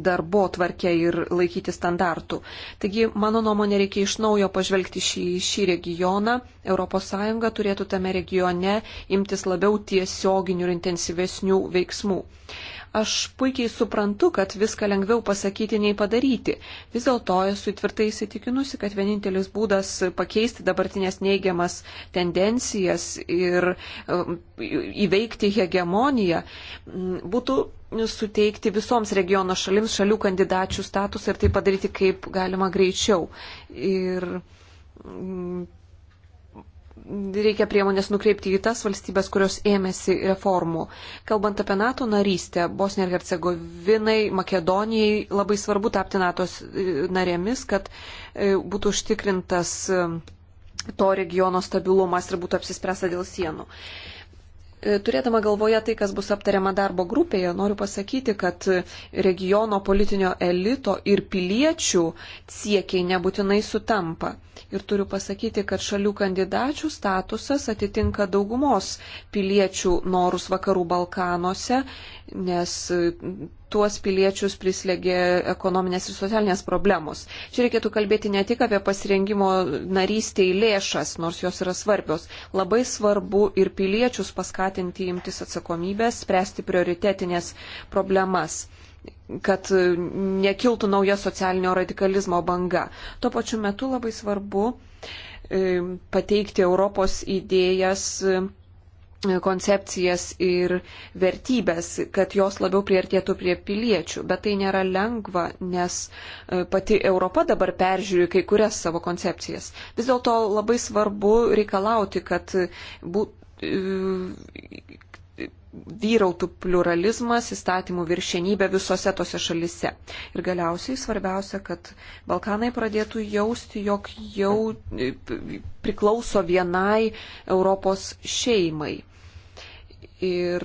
darbo tvarkę ir laikyti standartų. Taigi, mano nuomonė, reikia iš naujo pažvelgti šį, šį regioną. ES turėtų tame regione imtis labiau tiesioginių ir intensyvesnių veiksmų. Uh, Aš puikiai suprantu, kad viską lengviau pasakyti nei padaryti. Vis dėlto esu tvirtai įsitikinusi, kad vienintelis būdas pakeisti dabartinės neigiamas tendencijas ir um, įveikti hegemoniją mm, būtų suteikti visoms regiono šalims šalių kandidačių statusą ir tai padaryti kaip galima greičiau. Ir mm, reikia priemonės nukreipti į tas valstybės, kurios ėmėsi reformų. Kalbant apie NATO narystę, Bosnija ir Hercegovinai, Makedonijai labai svarbu tapti NATO e, narėmis, kad e, būtų užtikrintas e, to regiono stabilumas ir būtų apsispręsta dėl sienų. E, turėdama galvoje tai, kas bus aptariama darbo grupėje, noriu pasakyti, kad regiono politinio elito ir piliečių siekiai nebūtinai sutampa. Ir turiu pasakyti, kad šalių kandidačių statusas atitinka daugumos piliečių norus vakarų Balkanuose nes tuos piliečius prislėgė ekonominės ir socialinės problemos. Čia reikėtų kalbėti ne tik apie pasirengimo narystėj lėšas, nors jos yra svarbios. Labai svarbu ir piliečius paskatinti imtis atsakomybės, spręsti prioritetinės problemas kad nekiltų nauja socialinio radikalizmo banga. Tuo pačiu metu labai svarbu e, pateikti Europos idėjas koncepcijas ir vertybės, kad jos labiau priartėtų prie piliečių. Bet tai nėra lengva, nes e, pati Europa dabar peržiūri kai kurias savo koncepcijas. Vis dėlto labai svarbu reikalauti, kad būt, vyrautų pluralizmas, įstatymų viršenybė visose tose šalise. Ir galiausiai svarbiausia, kad Balkanai pradėtų jausti, jog jau e, priklauso vienai Europos šeimai. Ir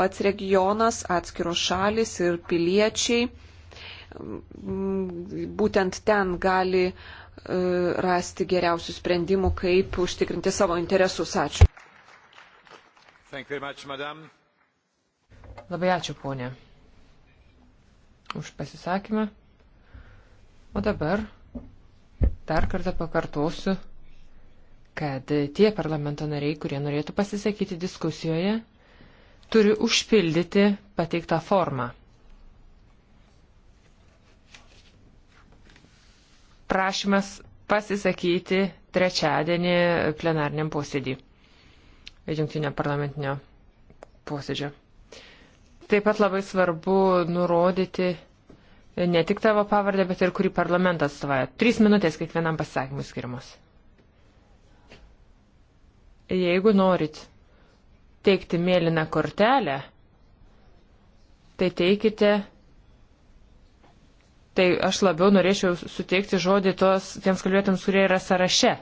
pats regionas, atskiros šalis ir piliečiai būtent ten gali e, rasti geriausių sprendimų, kaip užtikrinti savo interesus. Ačiū. Much, Labai ačiū, ponė, už pasisakymą. O dabar dar kartą pakartosiu, kad tie parlamento nariai, kurie norėtų pasisakyti diskusijoje, turi užpildyti pateiktą formą. Prašymas pasisakyti trečiadienį plenarniam posėdį jungtinio parlamentinio posėdžio. Taip pat labai svarbu nurodyti ne tik tavo pavardę, bet ir kurį parlamentą atstovauja. Trys minutės kiekvienam pasisakymui skirimas. Jeigu norit teikti mėlyną kortelę, tai teikite. Tai aš labiau norėčiau suteikti žodį tos, tiems kalbėtams, kurie yra sąraše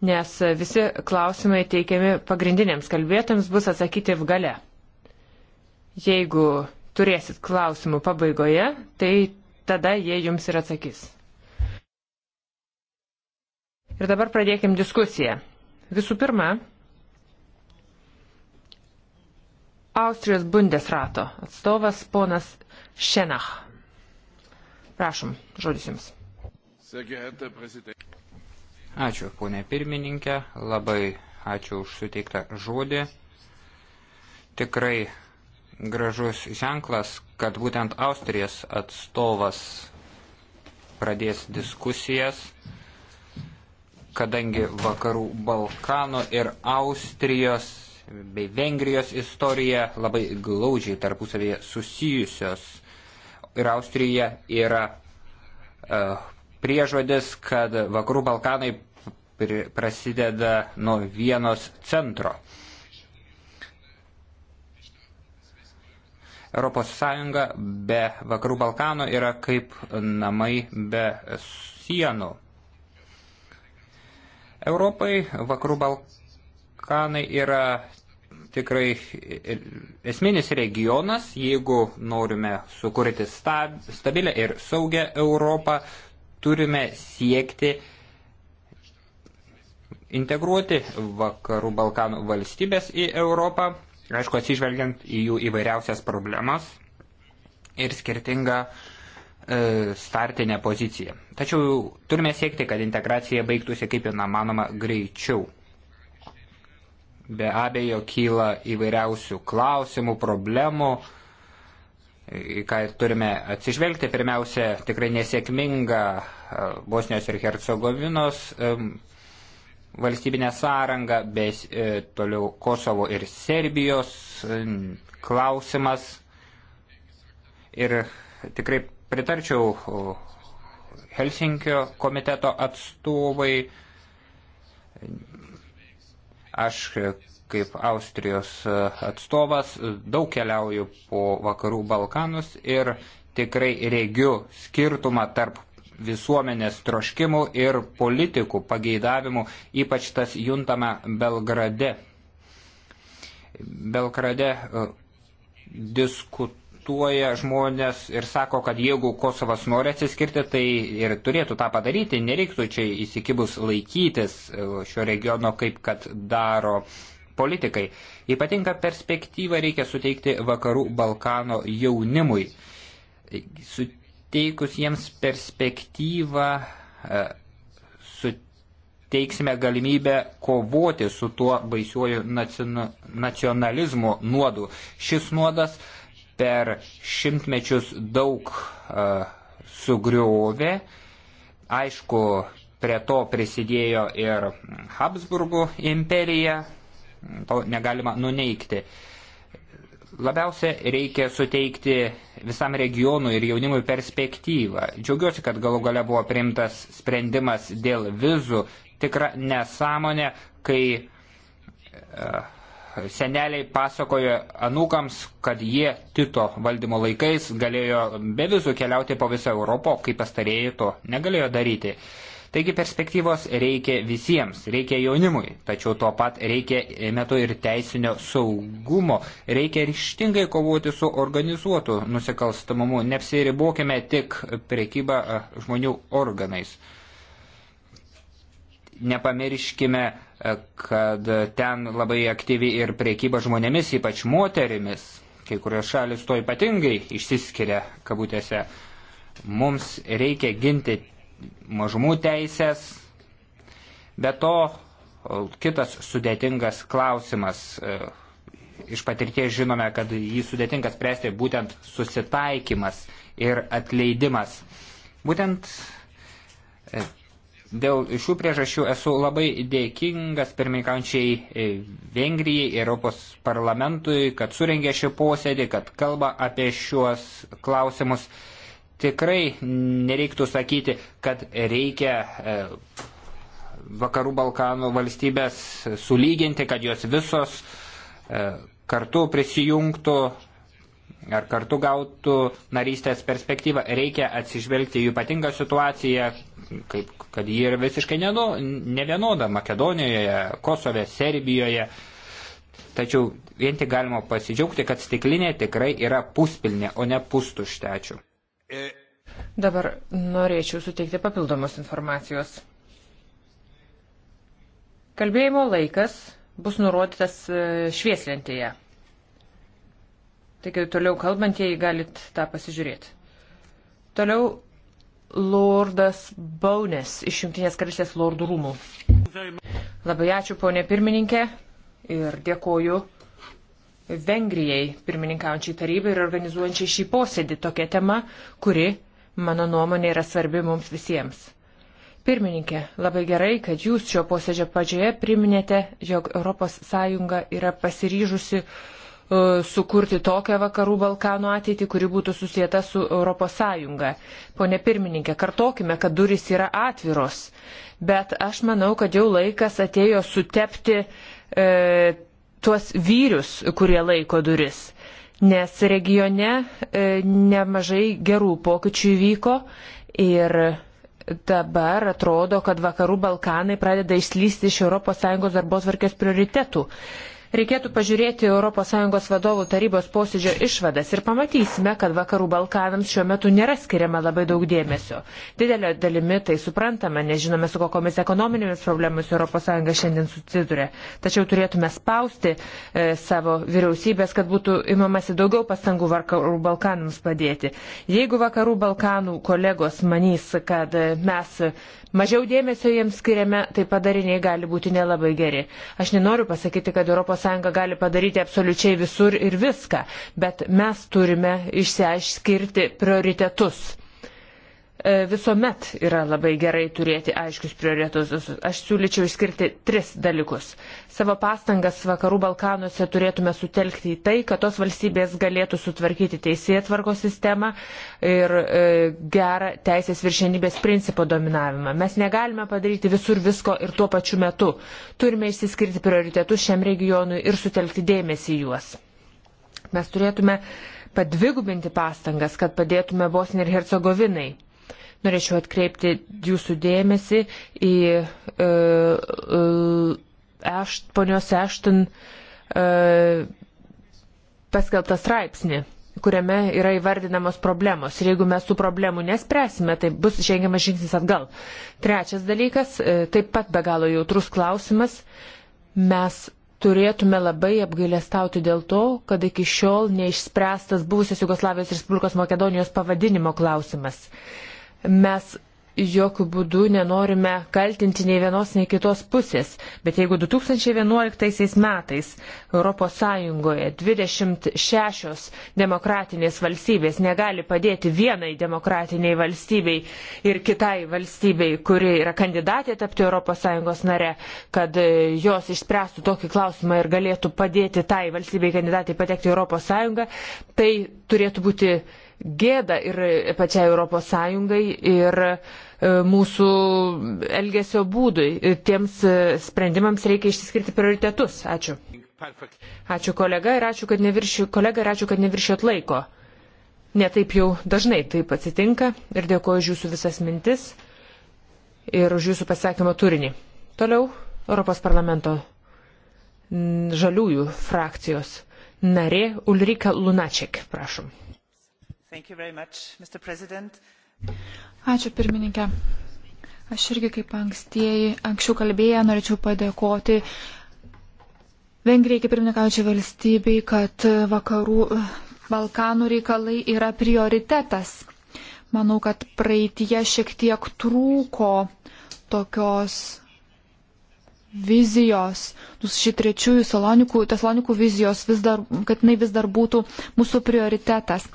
nes visi klausimai teikiami pagrindiniams kalbėtams bus atsakyti v gale. Jeigu turėsit klausimų pabaigoje, tai tada jie jums ir atsakys. Ir dabar pradėkim diskusiją. Visų pirma, Austrijos Bundesrato atstovas ponas Šenach. Prašom, žodis jums. Ačiū, ponė pirmininkė, labai ačiū už suteiktą žodį. Tikrai gražus ženklas, kad būtent Austrijos atstovas pradės diskusijas, kadangi vakarų Balkano ir Austrijos bei Vengrijos istorija labai glaudžiai tarpusavėje susijusios. Ir Austrija yra uh, priežodis, kad vakarų Balkanai prasideda nuo vienos centro. Europos Sąjunga be Vakarų Balkanų yra kaip namai be sienų. Europai Vakarų Balkanai yra tikrai esminis regionas, jeigu norime sukurti stabilę ir saugę Europą, turime siekti integruoti vakarų Balkanų valstybės į Europą, aišku, atsižvelgiant į jų įvairiausias problemas ir skirtingą e, startinę poziciją. Tačiau turime siekti, kad integracija baigtųsi kaip įmanoma greičiau. Be abejo, kyla įvairiausių klausimų, problemų, ką turime atsižvelgti. Pirmiausia, tikrai nesėkminga e, Bosnijos ir Hercegovinos e, valstybinę sąrangą, bei e, toliau Kosovo ir Serbijos e, klausimas. Ir tikrai pritarčiau Helsinkio komiteto atstovai. Aš e, kaip Austrijos e, atstovas e, daug keliauju po vakarų Balkanus ir tikrai regiu skirtumą tarp visuomenės troškimų ir politikų pageidavimų, ypač tas juntama Belgrade. Belgrade e, diskutuoja žmonės ir sako, kad jeigu Kosovas nori atsiskirti, tai ir turėtų tą padaryti, nereiktų čia įsikibus laikytis e, šio regiono, kaip kad daro politikai. Ypatinga perspektyva reikia suteikti vakarų Balkano jaunimui. Su suteikus jiems perspektyvą e, suteiksime galimybę kovoti su tuo baisiuoju nacionalizmo nuodu. Šis nuodas per šimtmečius daug uh, sugriovė. Aišku, prie to prisidėjo ir Habsburgų imperija, to negalima nuneikti. Uh, Labiausia reikia suteikti visam regionui ir jaunimui perspektyvą. Džiaugiuosi, kad galų gale buvo priimtas sprendimas dėl vizų. Tikra nesąmonė, kai e, seneliai pasakojo anūkams, kad jie Tito valdymo laikais galėjo be vizų keliauti po visą Europą, kai pastarėjai to negalėjo daryti. Taigi perspektyvos reikia visiems, reikia jaunimui, tačiau tuo pat reikia metu ir teisinio saugumo, reikia ryštingai kovoti su organizuotu nusikalstamumu, neapsiribokime tik prekybą žmonių organais. Nepamirškime, kad ten labai aktyvi ir priekyba žmonėmis, ypač moterimis. Kai kurios šalis to ypatingai išsiskiria, kabutėse. Mums reikia ginti mažumų teisės. Be to, kitas sudėtingas klausimas. E, iš patirties žinome, kad jį sudėtingas spręsti būtent susitaikymas ir atleidimas. Būtent e, dėl šių priežasčių esu labai dėkingas pirmininkaujančiai e, Vengrijai ir Europos parlamentui, kad surengė šį posėdį, kad kalba apie šiuos klausimus tikrai nereiktų sakyti, kad reikia e, vakarų Balkanų valstybės sulyginti, kad jos visos e, kartu prisijungtų ar kartu gautų narystės perspektyvą, reikia atsižvelgti į ypatingą situaciją, kaip, kad ji yra visiškai nenu, nevienoda Makedonijoje, Kosove, Serbijoje. Tačiau vien tik galima pasidžiaugti, kad stiklinė tikrai yra puspilnė, o ne pustuštė. Ačiū. Dabar norėčiau suteikti papildomos informacijos. Kalbėjimo laikas bus nurodytas e, švieslentėje. Taigi toliau kalbantieji galit tą pasižiūrėti. Toliau Lordas Baunes iš Junktinės karalystės Lordų rūmų. Labai ačiū, ponė pirmininkė, ir dėkoju Vengrijai, pirmininkaujančiai tarybai ir organizuojančiai šį posėdį tokia tema, kuri, mano nuomonė, yra svarbi mums visiems. Pirmininkė, labai gerai, kad jūs šio posėdžio pradžioje priminėte, jog ES yra pasiryžusi uh, sukurti tokią vakarų Balkanų ateitį, kuri būtų susijęta su ES. Pone pirmininkė, kartokime, kad duris yra atviros, bet aš manau, kad jau laikas atėjo sutepti e, tuos vyrius, kurie laiko duris. Nes regione e, nemažai gerų pokyčių įvyko ir dabar atrodo, kad vakarų Balkanai pradeda išslysti iš ES darbos varkės prioritetų. Reikėtų pažiūrėti ES vadovų tarybos posėdžio išvadas ir pamatysime, kad vakarų Balkanams šiuo metu nėra skiriama labai daug dėmesio. Didelio dalimi tai suprantama, nežinome, su kokiamis ekonominėmis problemomis ES šiandien susiduria. Tačiau turėtume spausti e, savo vyriausybės, kad būtų imamasi daugiau pastangų vakarų Balkanams padėti. Jeigu vakarų Balkanų kolegos manys, kad e, mes mažiau dėmesio jiems skiriame, tai padariniai gali būti nelabai geri. Aš nenoriu pasakyti, kad ES gali padaryti absoliučiai visur ir viską, bet mes turime išsiaiškirti prioritetus E, visuomet yra labai gerai turėti aiškius prioritetus. Aš siūlyčiau išskirti tris dalykus. Savo pastangas vakarų Balkanuose turėtume sutelkti į tai, kad tos valstybės galėtų sutvarkyti teisėtvarkos sistemą ir e, gerą teisės viršenybės principo dominavimą. Mes negalime padaryti visur visko ir tuo pačiu metu. Turime išsiskirti prioritetus šiam regionui ir sutelkti dėmesį juos. Mes turėtume padvigubinti pastangas, kad padėtume Bosniai ir Hercegovinai Norėčiau atkreipti jūsų dėmesį į e, e, eš, ponios Ešton e, paskelbtą straipsnį kuriame yra įvardinamos problemos. Ir jeigu mes tų problemų nespręsime, tai bus žengiamas žingsnis atgal. Trečias dalykas, e, taip pat be galo jautrus klausimas, mes turėtume labai apgailestauti dėl to, kad iki šiol neišspręstas buvusios Jugoslavijos Respublikos Makedonijos pavadinimo klausimas. Mes jokių būdų nenorime kaltinti nei vienos, nei kitos pusės. Bet jeigu 2011 metais ES 26 demokratinės valstybės negali padėti vienai demokratiniai valstybei ir kitai valstybei, kuri yra kandidatė tapti ES nare, kad e, jos išspręstų tokį klausimą ir galėtų padėti tai valstybei kandidatai patekti į ES, tai turėtų būti gėda ir pačiai Europos Sąjungai ir e, mūsų elgesio būdui. Tiems e, sprendimams reikia išsiskirti prioritetus. Ačiū. Ačiū kolega ir ačiū, kad neviršiu, kolega ir ačiū, kad neviršėt laiko. Netaip jau dažnai taip atsitinka ir dėkoju už jūsų visas mintis ir už jūsų pasakymo turinį. Toliau Europos parlamento žaliųjų frakcijos narė Ulrika Lunaček, prašom. Much, Ačiū pirmininkė. Aš irgi kaip ankstieji, anksčiau kalbėję, norėčiau padėkoti Vengrijai kaip pirmininkaučiai valstybei, kad vakarų Balkanų reikalai yra prioritetas. Manau, kad praeitie šiek tiek trūko tokios vizijos, ši trečiųjų salonikų, tesalonikų vizijos, vis dar, kad jinai vis dar būtų mūsų prioritetas.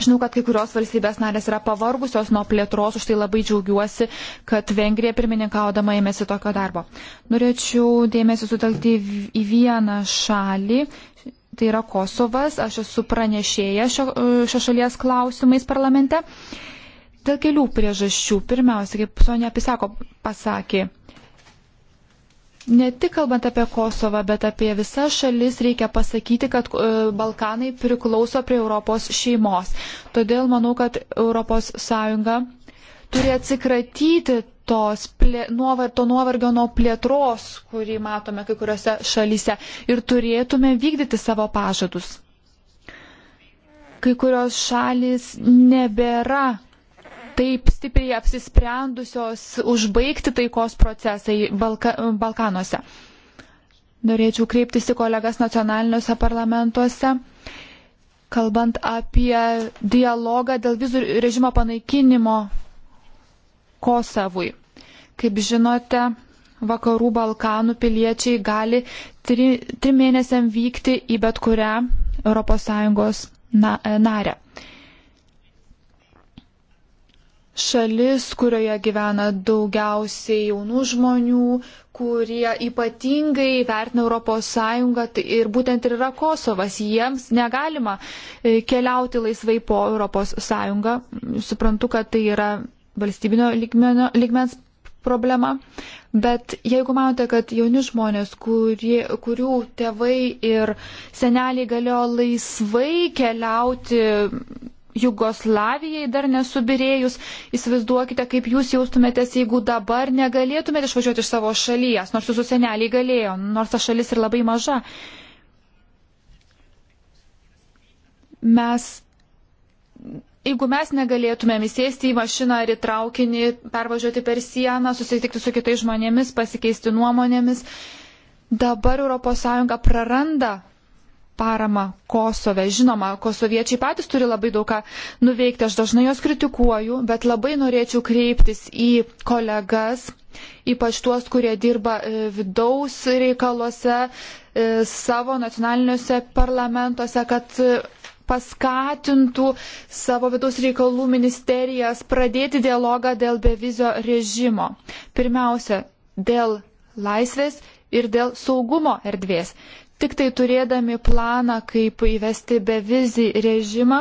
Žinau, kad kai kurios valstybės narės yra pavargusios nuo plėtros, už tai labai džiaugiuosi, kad Vengrija pirmininkaudama ėmėsi tokio darbo. Norėčiau dėmesį sutelkti į vieną šalį, tai yra Kosovas, aš esu pranešėję šio, šio šalies klausimais parlamente. Dėl kelių priežasčių. Pirmiausia, kaip Sonia Pisako pasakė, ne tik kalbant apie Kosovą, bet apie visas šalis reikia pasakyti, kad e, Balkanai priklauso prie Europos šeimos. Todėl manau, kad ES turi atsikratyti tos plė, nuovar, to nuovargio nuo plėtros, kurį matome kai kuriuose šalyse ir turėtume vykdyti savo pažadus. Kai kurios šalis nebėra taip stipriai apsisprendusios užbaigti taikos procesai Balka Balkanuose. Norėčiau kreiptis į kolegas nacionaliniuose parlamentuose, kalbant apie dialogą dėl vizų režimo panaikinimo Kosovui. Kaip žinote, vakarų Balkanų piliečiai gali tri, trim mėnesiam vykti į bet kurią ES na, narę šalis, kurioje gyvena daugiausiai jaunų žmonių, kurie ypatingai vertina ES tai ir būtent ir yra Kosovas. Jiems negalima e, keliauti laisvai po ES. Suprantu, kad tai yra valstybinio lygmenio, lygmens problema, bet jeigu manote, kad jauni žmonės, kurie, kurių tėvai ir seneliai galėjo laisvai keliauti Jugoslavijai dar nesubirėjus. Įsivaizduokite, kaip jūs jaustumėtės, jeigu dabar negalėtumėte išvažiuoti iš savo šalies, nors jūsų seneliai galėjo, nors ta šalis ir labai maža. Mes, jeigu mes negalėtumėm įsėsti į mašiną ar į traukinį, pervažiuoti per sieną, susitikti su kitais žmonėmis, pasikeisti nuomonėmis, dabar ES praranda paramą Kosove. Žinoma, kosoviečiai patys turi labai daug ką nuveikti, aš dažnai juos kritikuoju, bet labai norėčiau kreiptis į kolegas, ypač tuos, kurie dirba e, vidaus reikaluose e, savo nacionaliniuose parlamentuose, kad e, paskatintų savo vidaus reikalų ministerijas pradėti dialogą dėl bevizio režimo. Pirmiausia, dėl laisvės ir dėl saugumo erdvės. Tik tai turėdami planą, kaip įvesti bevizį režimą,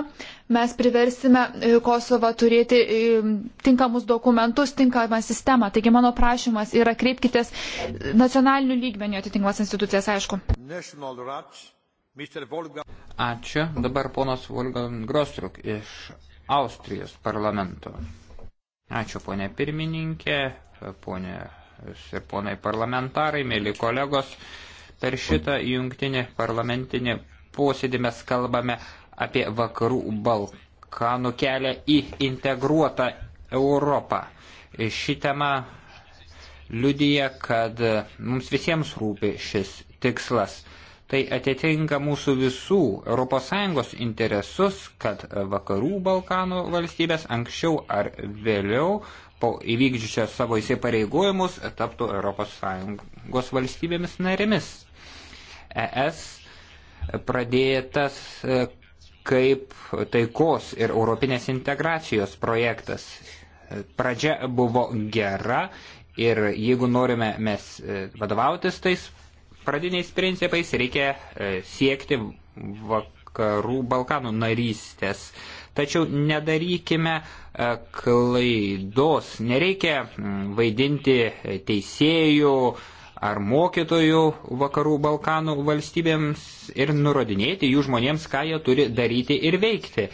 mes priversime e, Kosovą turėti e, tinkamus dokumentus, tinkamą sistemą. Taigi mano prašymas yra kreipkitės nacionalinių lygmenių atitinkamas institucijas, aišku. Ačiū. Dabar ponas Volgan Grostruk iš Austrijos parlamento. Ačiū, ponė pirmininkė, ponė ir ponai parlamentarai, mėly kolegos. Per šitą jungtinį parlamentinį posėdį mes kalbame apie vakarų Balkanų kelią į integruotą Europą. Ši tema liudyje, kad mums visiems rūpi šis tikslas. Tai atitinka mūsų visų ES interesus, kad vakarų Balkanų valstybės anksčiau ar vėliau po įvykdžiusio savo įsipareigojimus taptų ES valstybėmis narėmis. ES pradėtas e, kaip taikos ir europinės integracijos projektas. E, pradžia buvo gera ir jeigu norime mes e, vadovautis tais pradiniais principais, reikia siekti vakarų Balkanų narystės. Tačiau nedarykime klaidos, nereikia vaidinti teisėjų, ar mokytojų vakarų Balkanų valstybėms ir nurodinėti jų žmonėms, ką jie turi daryti ir veikti.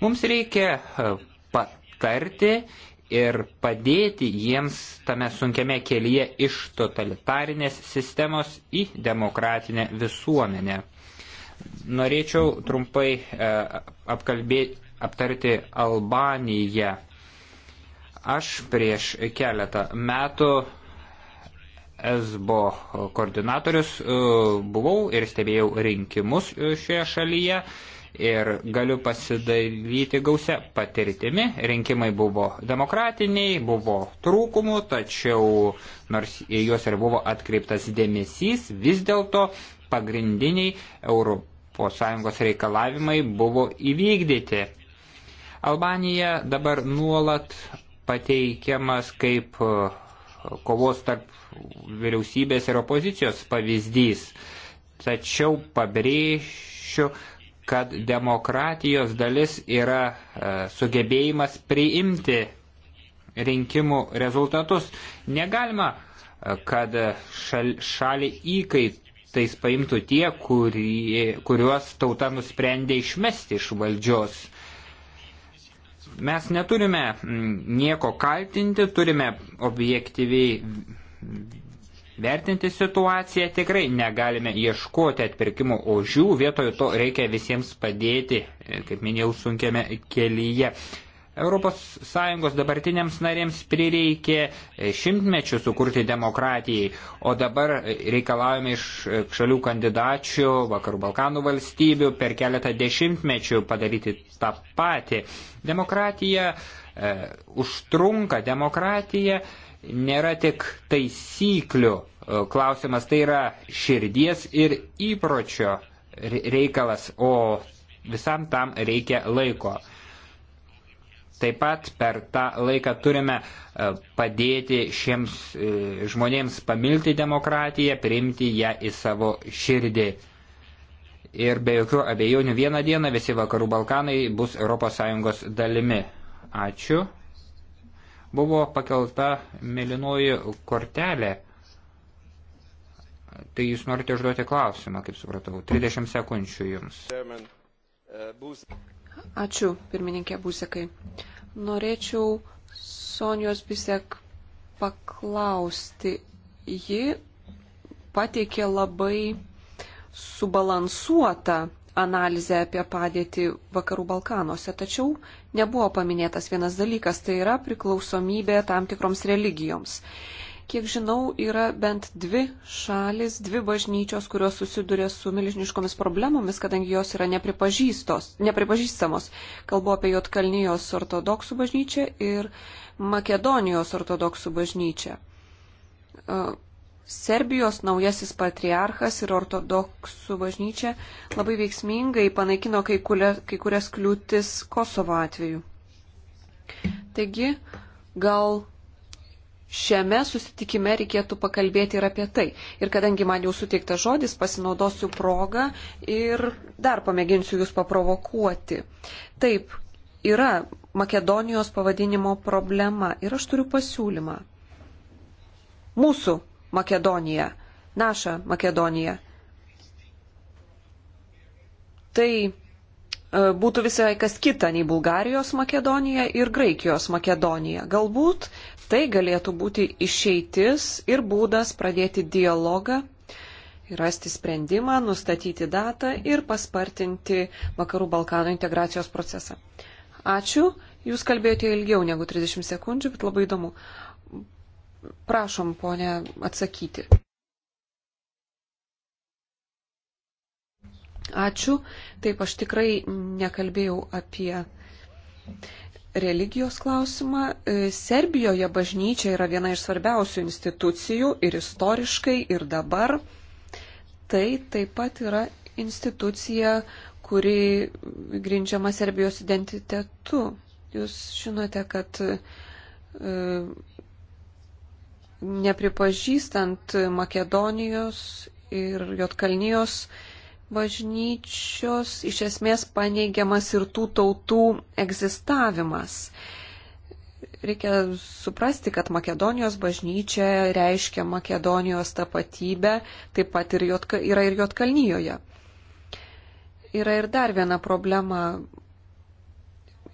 Mums reikia e, patarti ir padėti jiems tame sunkiame kelyje iš totalitarinės sistemos į demokratinę visuomenę. Norėčiau trumpai e, apkalbėti, aptarti Albaniją. Aš prieš keletą metų SBO koordinatorius e, buvau ir stebėjau rinkimus e, šioje šalyje ir galiu pasidalyti gausia patirtimi. Rinkimai buvo demokratiniai, buvo trūkumų, tačiau nors į juos ir buvo atkreiptas dėmesys, vis dėlto pagrindiniai ES reikalavimai buvo įvykdyti. Albanija dabar nuolat pateikiamas kaip uh, kovos tarp vyriausybės ir opozicijos pavyzdys. Tačiau pabrėšiu, kad demokratijos dalis yra e, sugebėjimas priimti rinkimų rezultatus. Negalima, e, kad šal, šalį įkaitais paimtų tie, kurie, kuriuos tauta nusprendė išmesti iš valdžios. Mes neturime mm, nieko kaltinti, turime objektyviai vertinti situaciją, tikrai negalime ieškoti atpirkimo ožių, vietoj to reikia visiems padėti, e, kaip minėjau, sunkiame kelyje. ES dabartiniams narėms prireikė e, šimtmečių sukurti demokratijai, o dabar e, reikalavome iš e, šalių kandidačių, vakarų Balkanų valstybių, per keletą dešimtmečių padaryti tą patį. Demokratija e, užtrunka, demokratija nėra tik taisyklių klausimas, tai yra širdies ir įpročio reikalas, o visam tam reikia laiko. Taip pat per tą laiką turime e, padėti šiems e, žmonėms pamilti demokratiją, priimti ją į savo širdį. Ir be jokių abejonių vieną dieną visi vakarų Balkanai bus ES dalimi. Ačiū. Buvo pakelta mėlynoji kortelė. Tai jūs norite užduoti klausimą, kaip supratau. 30 sekundžių jums. E, Ačiū, pirmininkė Būsekai. Norėčiau Sonijos Bisek paklausti. Ji pateikė labai subalansuotą analizę apie padėtį Vakarų Balkanuose, tačiau nebuvo paminėtas vienas dalykas, tai yra priklausomybė tam tikroms religijoms. Kiek žinau, yra bent dvi šalis, dvi bažnyčios, kurios susiduria su milžiniškomis problemomis, kadangi jos yra nepripažįstamos. Kalbu apie Jotkalnyjos ortodoksų bažnyčią ir Makedonijos ortodoksų bažnyčią. E, Serbijos naujasis patriarchas ir ortodoksų bažnyčia labai veiksmingai panaikino kai, kulia, kai kurias kliūtis Kosovo atveju. Taigi, gal šiame susitikime reikėtų pakalbėti ir apie tai. Ir kadangi man jau suteiktas žodis, pasinaudosiu progą ir dar pamėginsiu jūs paprovokuoti. Taip, yra Makedonijos pavadinimo problema ir aš turiu pasiūlymą. Mūsų Makedonija, naša Makedonija. Tai E, būtų visai kas kita nei Bulgarijos Makedonija ir Graikijos Makedonija. Galbūt tai galėtų būti išeitis ir būdas pradėti dialogą, rasti sprendimą, nustatyti datą ir paspartinti Vakarų Balkanų integracijos procesą. Ačiū, jūs kalbėjote ilgiau negu 30 sekundžių, bet labai įdomu. Prašom, ponė, atsakyti. Ačiū. Taip, aš tikrai nekalbėjau apie religijos klausimą. E, Serbijoje bažnyčia yra viena iš svarbiausių institucijų ir istoriškai, ir dabar. Tai taip pat yra institucija, kuri grindžiama Serbijos identitetu. Jūs žinote, kad e, nepripažįstant Makedonijos ir Jotkalnijos bažnyčios iš esmės paneigiamas ir tų tautų egzistavimas. Reikia suprasti, kad Makedonijos bažnyčia reiškia Makedonijos tapatybę, taip pat ir jotka, yra ir Jotkalnyjoje. Yra ir dar viena problema.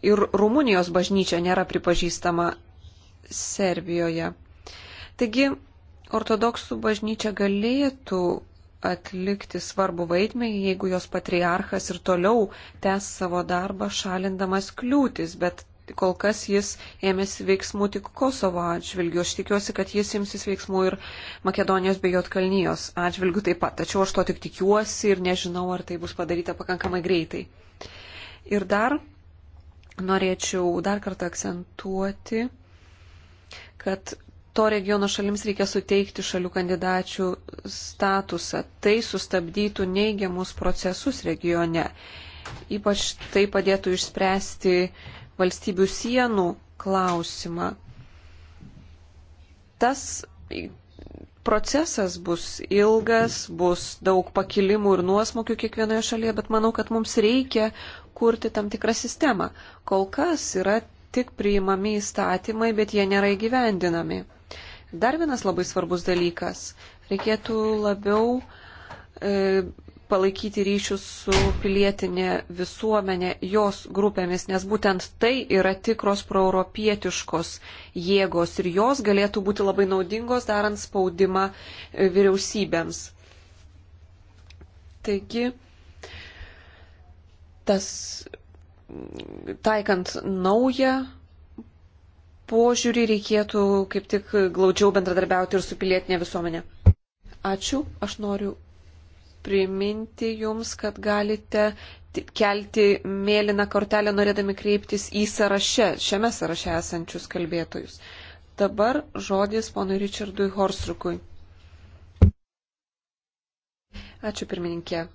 Ir Rumunijos bažnyčia nėra pripažįstama Serbijoje. Taigi, ortodoksų bažnyčia galėtų atlikti svarbu vaidmenį, jeigu jos patriarchas ir toliau tęs savo darbą šalindamas kliūtis, bet kol kas jis ėmėsi veiksmų tik Kosovo atžvilgiu. Aš tikiuosi, kad jis imsis veiksmų ir Makedonijos bei Jotkalnijos atžvilgiu taip pat, tačiau aš to tik tikiuosi ir nežinau, ar tai bus padaryta pakankamai greitai. Ir dar norėčiau dar kartą akcentuoti, kad to regiono šalims reikia suteikti šalių kandidačių statusą. Tai sustabdytų neigiamus procesus regione. Ypač tai padėtų išspręsti valstybių sienų klausimą. Tas procesas bus ilgas, bus daug pakilimų ir nuosmukių kiekvienoje šalyje, bet manau, kad mums reikia kurti tam tikrą sistemą. Kol kas yra tik priimami įstatymai, bet jie nėra įgyvendinami. Dar vienas labai svarbus dalykas. Reikėtų labiau e, palaikyti ryšius su pilietinė visuomenė, jos grupėmis, nes būtent tai yra tikros proeuropietiškos jėgos ir jos galėtų būti labai naudingos darant spaudimą e, vyriausybėms. Taigi, tas taikant naują požiūrį reikėtų kaip tik glaudžiau bendradarbiauti ir su pilietinė visuomenė. Ačiū, aš noriu priminti jums, kad galite kelti mėlyną kortelę, norėdami kreiptis į sąraše, šiame sąraše esančius kalbėtojus. Dabar žodis ponui Richardui Horsrukui. Ačiū pirmininkė.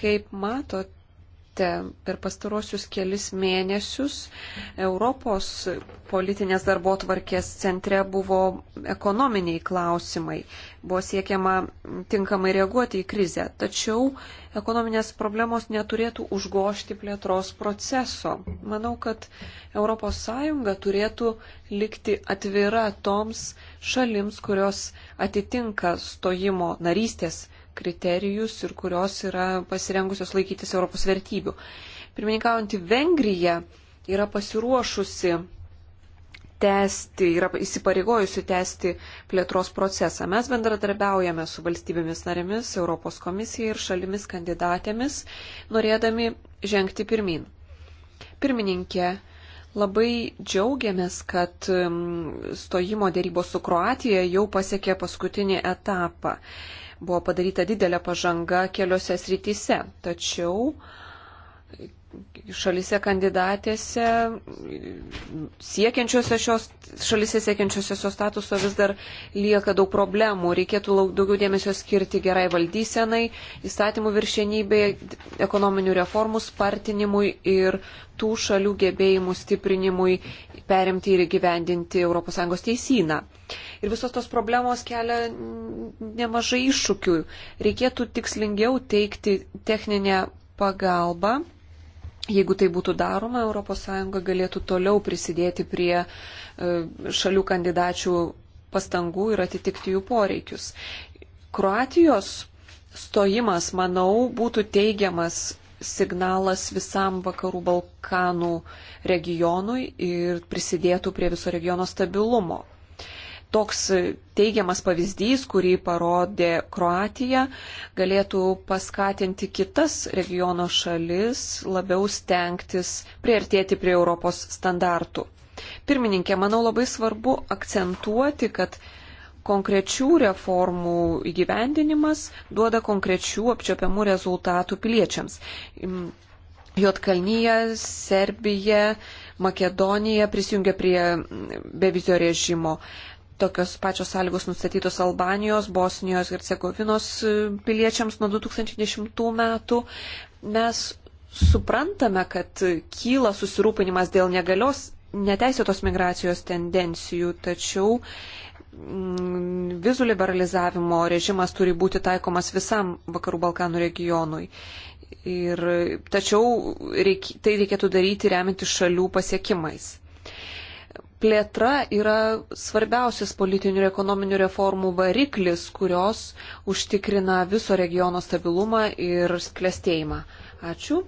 Kaip matote, per pastarosius kelis mėnesius Europos politinės darbo tvarkės centre buvo ekonominiai klausimai. Buvo siekiama tinkamai reaguoti į krizę. Tačiau ekonominės problemos neturėtų užgošti plėtros proceso. Manau, kad ES turėtų likti atvira toms šalims, kurios atitinka stojimo narystės kriterijus ir kurios yra pasirengusios laikytis Europos vertybių. Pirmininkaujantį Vengriją yra pasiruošusi tęsti, yra įsipareigojusi tęsti plėtros procesą. Mes bendradarbiaujame su valstybėmis narėmis, Europos komisija ir šalimis kandidatėmis, norėdami žengti pirmin. Pirmininkė, labai džiaugiamės, kad um, stojimo dėrybos su Kroatija jau pasiekė paskutinį etapą buvo padaryta didelė pažanga keliose srityse, tačiau šalise kandidatėse, siekiančiose šios, šalise siekiančiose šios statuso vis dar lieka daug problemų. Reikėtų daugiau dėmesio skirti gerai valdysenai, įstatymų viršienybei, ekonominių reformų spartinimui ir tų šalių gebėjimų stiprinimui perimti ir įgyvendinti ES teisyną. Ir visos tos problemos kelia nemažai iššūkių. Reikėtų tikslingiau teikti techninę pagalbą Jeigu tai būtų daroma, ES galėtų toliau prisidėti prie e, šalių kandidačių pastangų ir atitikti jų poreikius. Kroatijos stojimas, manau, būtų teigiamas signalas visam vakarų Balkanų regionui ir prisidėtų prie viso regiono stabilumo toks teigiamas pavyzdys, kurį parodė Kroatija, galėtų paskatinti kitas regiono šalis labiau stengtis prieartėti prie Europos standartų. Pirmininkė, manau labai svarbu akcentuoti, kad konkrečių reformų įgyvendinimas duoda konkrečių apčiopiamų rezultatų piliečiams. Jotkalnyje, Serbija, Makedonija prisijungia prie bevizio režimo tokios pačios sąlygos nustatytos Albanijos, Bosnijos ir Cegovinos e, piliečiams nuo 2010 metų. Mes suprantame, kad kyla susirūpinimas dėl negalios neteisėtos migracijos tendencijų, tačiau mm, vizų liberalizavimo režimas turi būti taikomas visam Vakarų Balkanų regionui. Ir, tačiau reik, tai reikėtų daryti reminti šalių pasiekimais plėtra yra svarbiausias politinių ir ekonominių reformų variklis, kurios užtikrina viso regiono stabilumą ir klėstėjimą. Ačiū.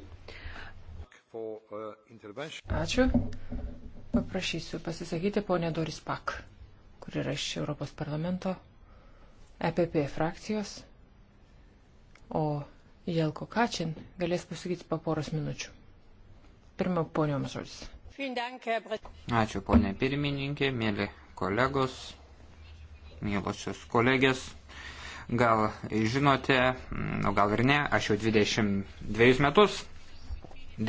Ačiū. Paprašysiu pasisakyti ponė Doris Pak, kur yra iš Europos parlamento, EPP frakcijos, o Jelko Kačin galės pasakyti po poros minučių. Pirmiau ponioms žodis. Ačiū, ponė pirmininkė, mėly kolegos, mėlosios kolegės. Gal žinote, o nu, gal ir ne, aš jau 22 metus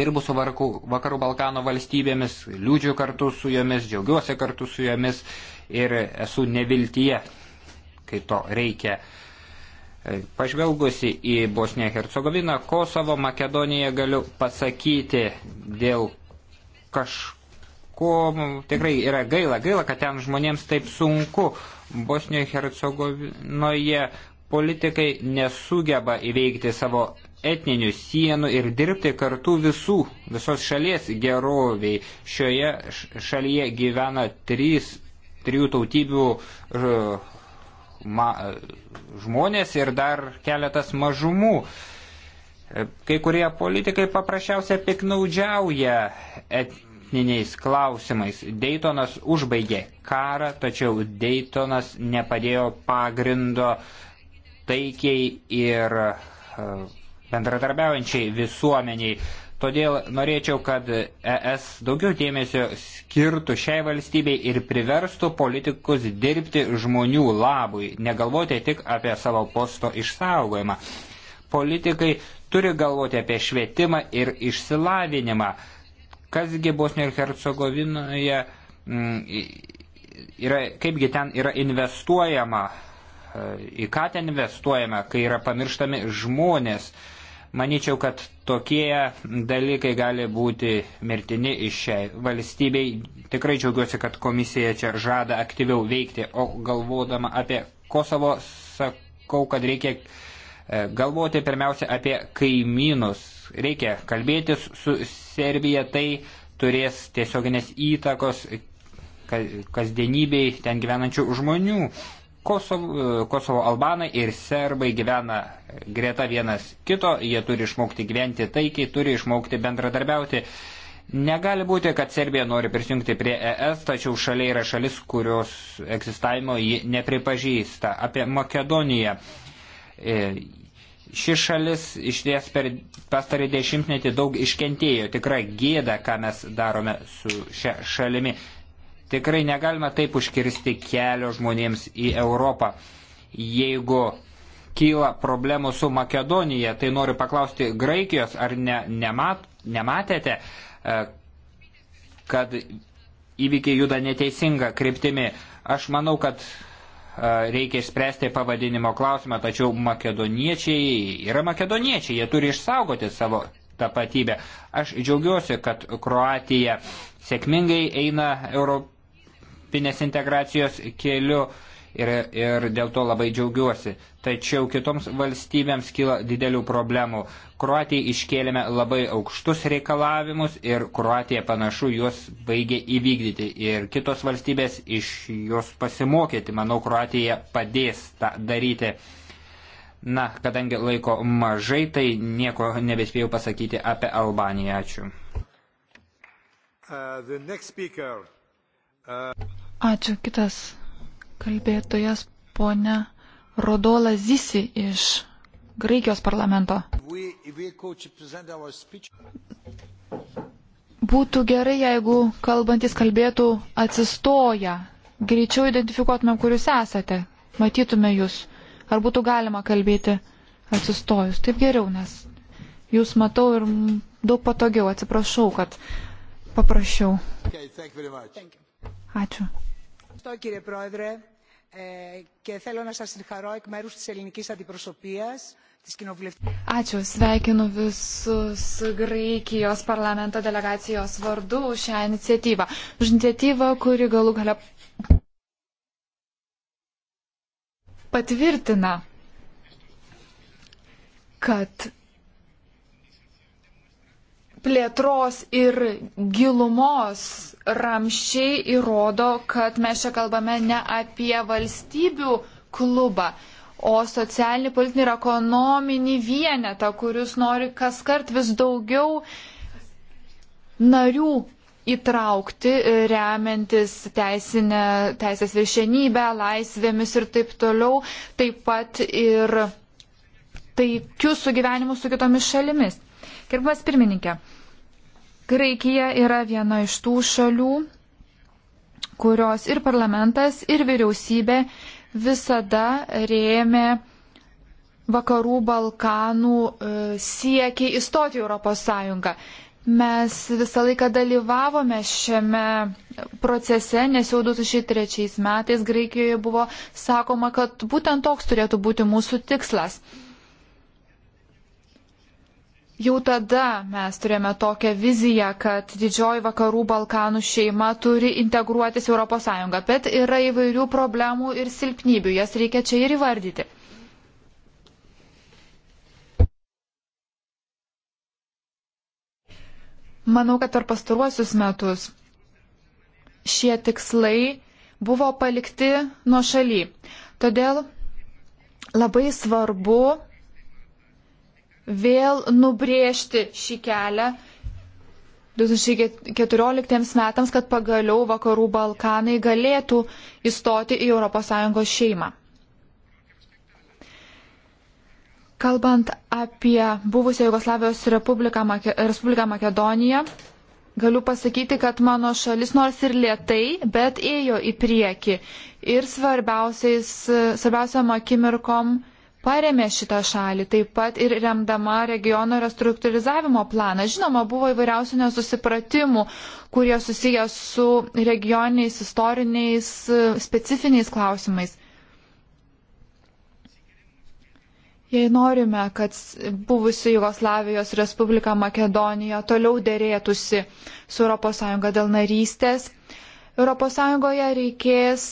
dirbu su varku, Vakarų Balkano valstybėmis, liūdžiu kartu su jomis, džiaugiuosi kartu su jomis ir esu neviltyje, kai to reikia. E, pažvelgusi į Bosniją Hercegoviną, Kosovo, Makedoniją galiu pasakyti, dėl kažko tikrai yra gaila, gaila, kad ten žmonėms taip sunku. Bosnijoje Hercegovinoje politikai nesugeba įveikti savo etninių sienų ir dirbti kartu visų, visos šalies geroviai. Šioje šalyje gyvena trys, trijų tautybių ma, žmonės ir dar keletas mažumų. Uh, Kai kurie politikai paprasčiausiai piknaudžiauja etniniais klausimais. Daytonas užbaigė karą, tačiau Daytonas nepadėjo pagrindo taikiai ir e, bendradarbiaujančiai visuomeniai. Todėl norėčiau, kad ES daugiau dėmesio skirtų šiai valstybei ir priverstų politikus dirbti žmonių labui, negalvoti tik apie savo posto išsaugojimą. Politikai turi galvoti apie švietimą ir išsilavinimą. Kasgi Bosnijoje ir Hercegovinoje mm, yra, kaipgi ten yra investuojama, e, į ką ten investuojama, kai yra pamirštami žmonės. Maničiau, kad tokie dalykai gali būti mirtini iš šiai valstybei. Tikrai džiaugiuosi, kad komisija čia žada aktyviau veikti, o galvodama apie Kosovo sakau, kad reikia E, galvoti pirmiausia apie kaimynus. Reikia kalbėtis su Serbija, tai turės tiesioginės įtakos kasdienybei ten gyvenančių žmonių. Kosovo, e, Kosovo albanai ir serbai gyvena greta vienas kito, jie turi išmokti gyventi taikiai, turi išmokti bendradarbiauti. Negali būti, kad Serbija nori prisijungti prie ES, tačiau šalia yra šalis, kurios egzistavimo ji nepripažįsta. Apie Makedoniją. E, ši šalis išties per pastarį dešimtmetį daug iškentėjo. Tikrai gėda, ką mes darome su šia šalimi. Tikrai negalima taip užkirsti kelio žmonėms į Europą. Jeigu kyla problemų su Makedonija, tai noriu paklausti Graikijos, ar ne, nemat, nematėte, e, kad įvykiai juda neteisinga kryptimi. Aš manau, kad reikia išspręsti pavadinimo klausimą, tačiau makedoniečiai yra makedoniečiai, jie turi išsaugoti savo tapatybę. Aš džiaugiuosi, kad Kroatija sėkmingai eina europinės integracijos keliu ir, ir dėl to labai džiaugiuosi. Tačiau kitoms valstybėms kyla didelių problemų. Kroatijai iškėlėme labai aukštus reikalavimus ir Kroatija panašu juos baigė įvykdyti ir kitos valstybės iš juos pasimokyti. Manau, Kroatija padės tą daryti. Na, kadangi laiko mažai, tai nieko nebespėjau pasakyti apie Albaniją. Ačiū. Uh, uh Ačiū. Kitas kalbėtojas ponia Rodola Zisi iš Graikijos parlamento. Būtų gerai, jeigu kalbantis kalbėtų atsistoję, greičiau identifikuotumėm, kur jūs esate, matytume jūs. Ar būtų galima kalbėti atsistojus? Taip geriau, nes jūs matau ir daug patogiau. Atsiprašau, kad paprašiau. Ačiū και θέλω να σας συγχαρώ εκ μέρους της ελληνικής αντιπροσωπείας Ačiū, sveikinu visus Graikijos parlamento delegacijos vardu už šią iniciatyvą. Už iniciatyvą, kuri galų gale patvirtina, kad plėtros ir gilumos ramščiai įrodo, kad mes čia kalbame ne apie valstybių klubą, o socialinį, politinį ir ekonominį vienetą, kuris nori kas kart vis daugiau narių įtraukti, e, remiantis teisinę, teisės viršenybę, laisvėmis ir taip toliau, taip pat ir taikių sugyvenimų su kitomis šalimis. Gerbas pirmininkė, Graikija yra viena iš tų šalių, kurios ir parlamentas, ir vyriausybė visada rėmė vakarų Balkanų e, siekį įstoti Europos Sąjungą. Mes visą laiką dalyvavome šiame procese, nes jau 2003 metais Graikijoje buvo sakoma, kad būtent toks turėtų būti mūsų tikslas. Jau tada mes turėjome tokią viziją, kad didžioji vakarų Balkanų šeima turi integruotis ES, bet yra įvairių problemų ir silpnybių, jas reikia čia ir įvardyti. Manau, kad per pastaruosius metus šie tikslai buvo palikti nuo šaly. Todėl labai svarbu vėl nubrėžti šį kelią 2014 metams, kad pagaliau vakarų Balkanai galėtų įstoti į ES šeimą. Kalbant apie buvusią Jugoslavijos Respubliką, Respubliką Makedoniją, galiu pasakyti, kad mano šalis nors ir lietai, bet ėjo į priekį ir svarbiausiam akimirkom paremė šitą šalį, taip pat ir remdama regiono restruktūrizavimo planą. Žinoma, buvo įvairiausių nesusipratimų, kurie susijęs su regioniniais, istoriniais, specifiniais klausimais. Jei norime, kad buvusi Jugoslavijos Respublika Makedonija toliau dėrėtųsi su ES dėl narystės, ES reikės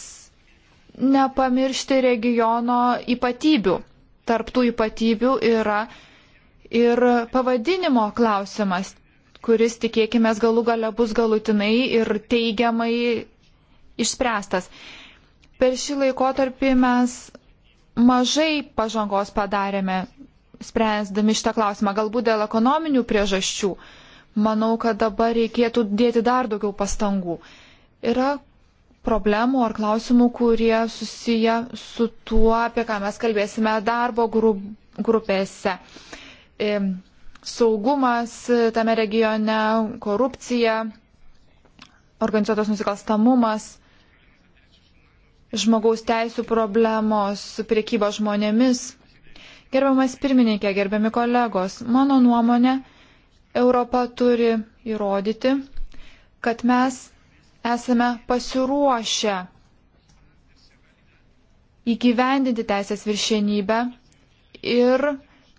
nepamiršti regiono ypatybių tarptų ypatybių yra ir pavadinimo klausimas, kuris tikėkime galų gale bus galutinai ir teigiamai išspręstas. Per šį laikotarpį mes mažai pažangos padarėme, spręsdami šitą klausimą, galbūt dėl ekonominių priežasčių. Manau, kad dabar reikėtų dėti dar daugiau pastangų. Yra problemų ar klausimų, kurie susiję su tuo, apie ką mes kalbėsime darbo grupėse. E, saugumas tame regione, korupcija, organizuotas nusikalstamumas, žmogaus teisų problemos, priekyba žmonėmis. Gerbiamas pirmininkė, gerbiami kolegos, mano nuomonė, Europa turi įrodyti, kad mes esame pasiruošę įgyvendinti teisės viršienybę ir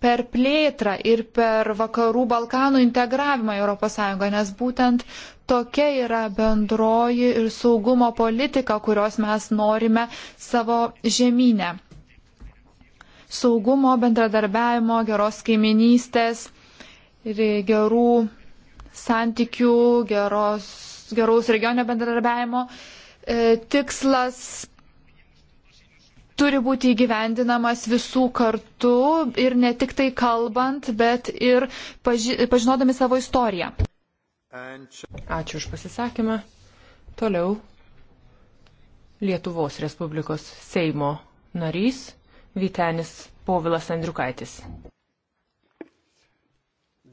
per plėtrą ir per vakarų Balkanų integravimą į ES, nes būtent tokia yra bendroji ir saugumo politika, kurios mes norime savo žemynę. Saugumo, bendradarbiavimo, geros kaiminystės ir gerų santykių, geros geraus regioninio bendradarbiavimo e, tikslas turi būti įgyvendinamas visų kartu ir ne tik tai kalbant, bet ir paži pažinodami savo istoriją. Ačiū už pasisakymą. Toliau Lietuvos Respublikos Seimo narys Vitenis Povilas Andriukaitis.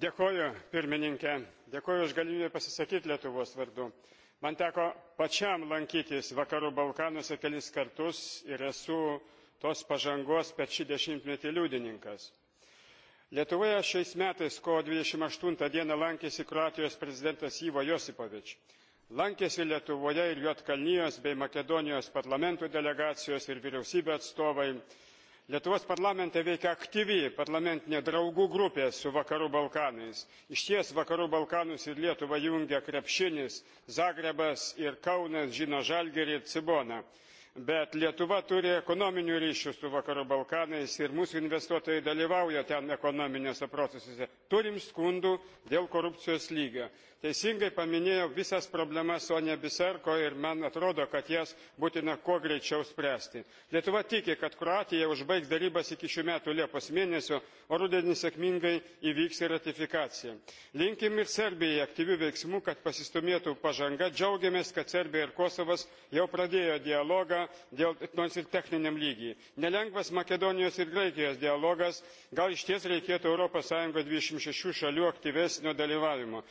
Dėkoju, pirmininkė dėkoju už galimybę pasisakyti lietuvos vardu. man teko pačiam lankytis vakarų balkanuose kelis kartus ir esu tos pažangos per šį dešimtmetį liudininkas. lietuvoje šiais metais kovo dvidešimt aštuoni d lankėsi kroatijos prezidentas ivo josipovič. lankėsi lietuvoje ir juodkalnijos bei makedonijos parlamentų delegacijos ir vyriausybių atstovai lietuvos parlamente veikia aktyvi parlamentinė draugų grupė su vakarų balkanais. išties vakarų balkanus ir lietuvą jungia krepšinis zagrebas ir kaunas žino žalgirį cibona bet lietuva turi ekonominių ryšių su vakarų balkanais ir mūsų investuotojai dalyvauja ten ekonominiuose procesuose. turime skundų dėl korupcijos lygio teisingai paminėjo visas problemas o ne biserko ir man atrodo kad jas būtina kuo greičiau spręsti. lietuva tiki kad kroatija užbaigs derybas iki šių metų liepos mėnesio o rudenį sėkmingai įvyks ir ratifikacija. linkime ir serbijai aktyvių veiksmų kad pasistūmėtų pažanga džiaugiamės kad serbija ir kosovas jau pradėjo dialogą nors ir techniniam lygyje. nelengvas makedonijos ir graikijos dialogas gal išties reikėtų europos sąjungoje dvidešimt šešių šalių aktyvesnio dalyvavimo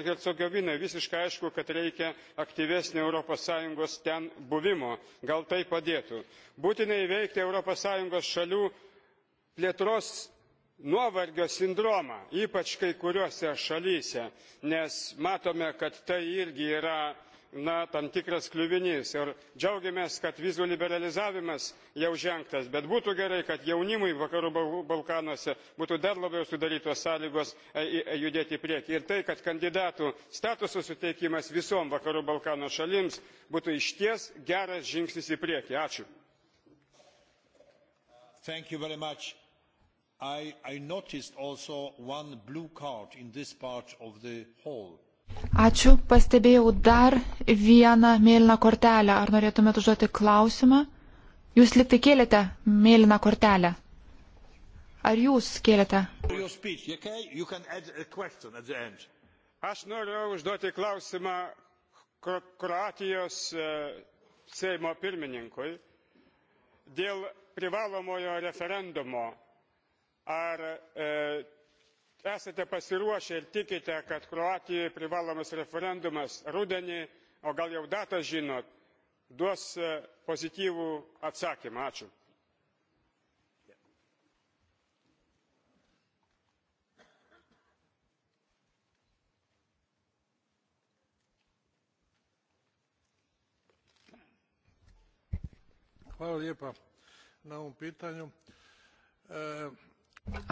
ir hercogovinai visiškai aišku kad reikia aktyvesnio europos sąjungos ten buvimo gal tai padėtų. būtina įveikti europos sąjungos šalių plėtros nuovargio sindromą ypač kai kuriose šalyse nes matome kad tai irgi yra na, tam tikras kliuvinys. Ir džiaugiamės, kad vizų liberalizavimas jau žengtas, bet būtų gerai, kad jaunimui vakarų Balkanuose būtų dar labiau sudarytos sąlygos e, e, judėti į priekį. Ir tai, kad kandidatų statusų suteikimas visom vakarų Balkano šalims būtų išties geras žingsnis į priekį. Ačiū. Thank you very much. I, i noticed also one blue card in this part of the hall. Ačiū. Pastebėjau dar vieną mėlyną kortelę. Ar norėtumėt užduoti klausimą? Jūs liktai kėlėte mėlyną kortelę. Ar jūs kėlėte? Aš noriu užduoti klausimą Kroatijos e, Seimo pirmininkui dėl privalomojo referendumo. Ar e, esate pasiruošę ir tikite kad kroatijoje privalomas referendumas rudenį o gal jau datą žinot duos e, pozityvų atsakymą? ačiū. Hvala lijepa na ovom pitanju. E...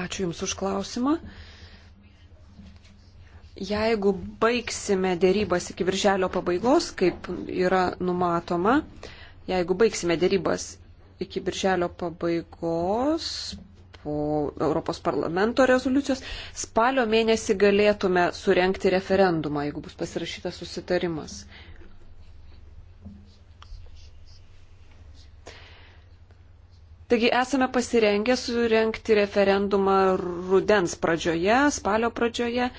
Ačiū Jums už klausimą. Jeigu baigsime dėrybas iki virželio pabaigos, kaip yra numatoma, jeigu baigsime dėrybas iki birželio pabaigos po Europos parlamento rezoliucijos, spalio mėnesį galėtume surenkti referendumą, jeigu bus pasirašytas susitarimas. Taigi esame pasirengę surenkti referendumą rudens pradžioje, spalio pradžioje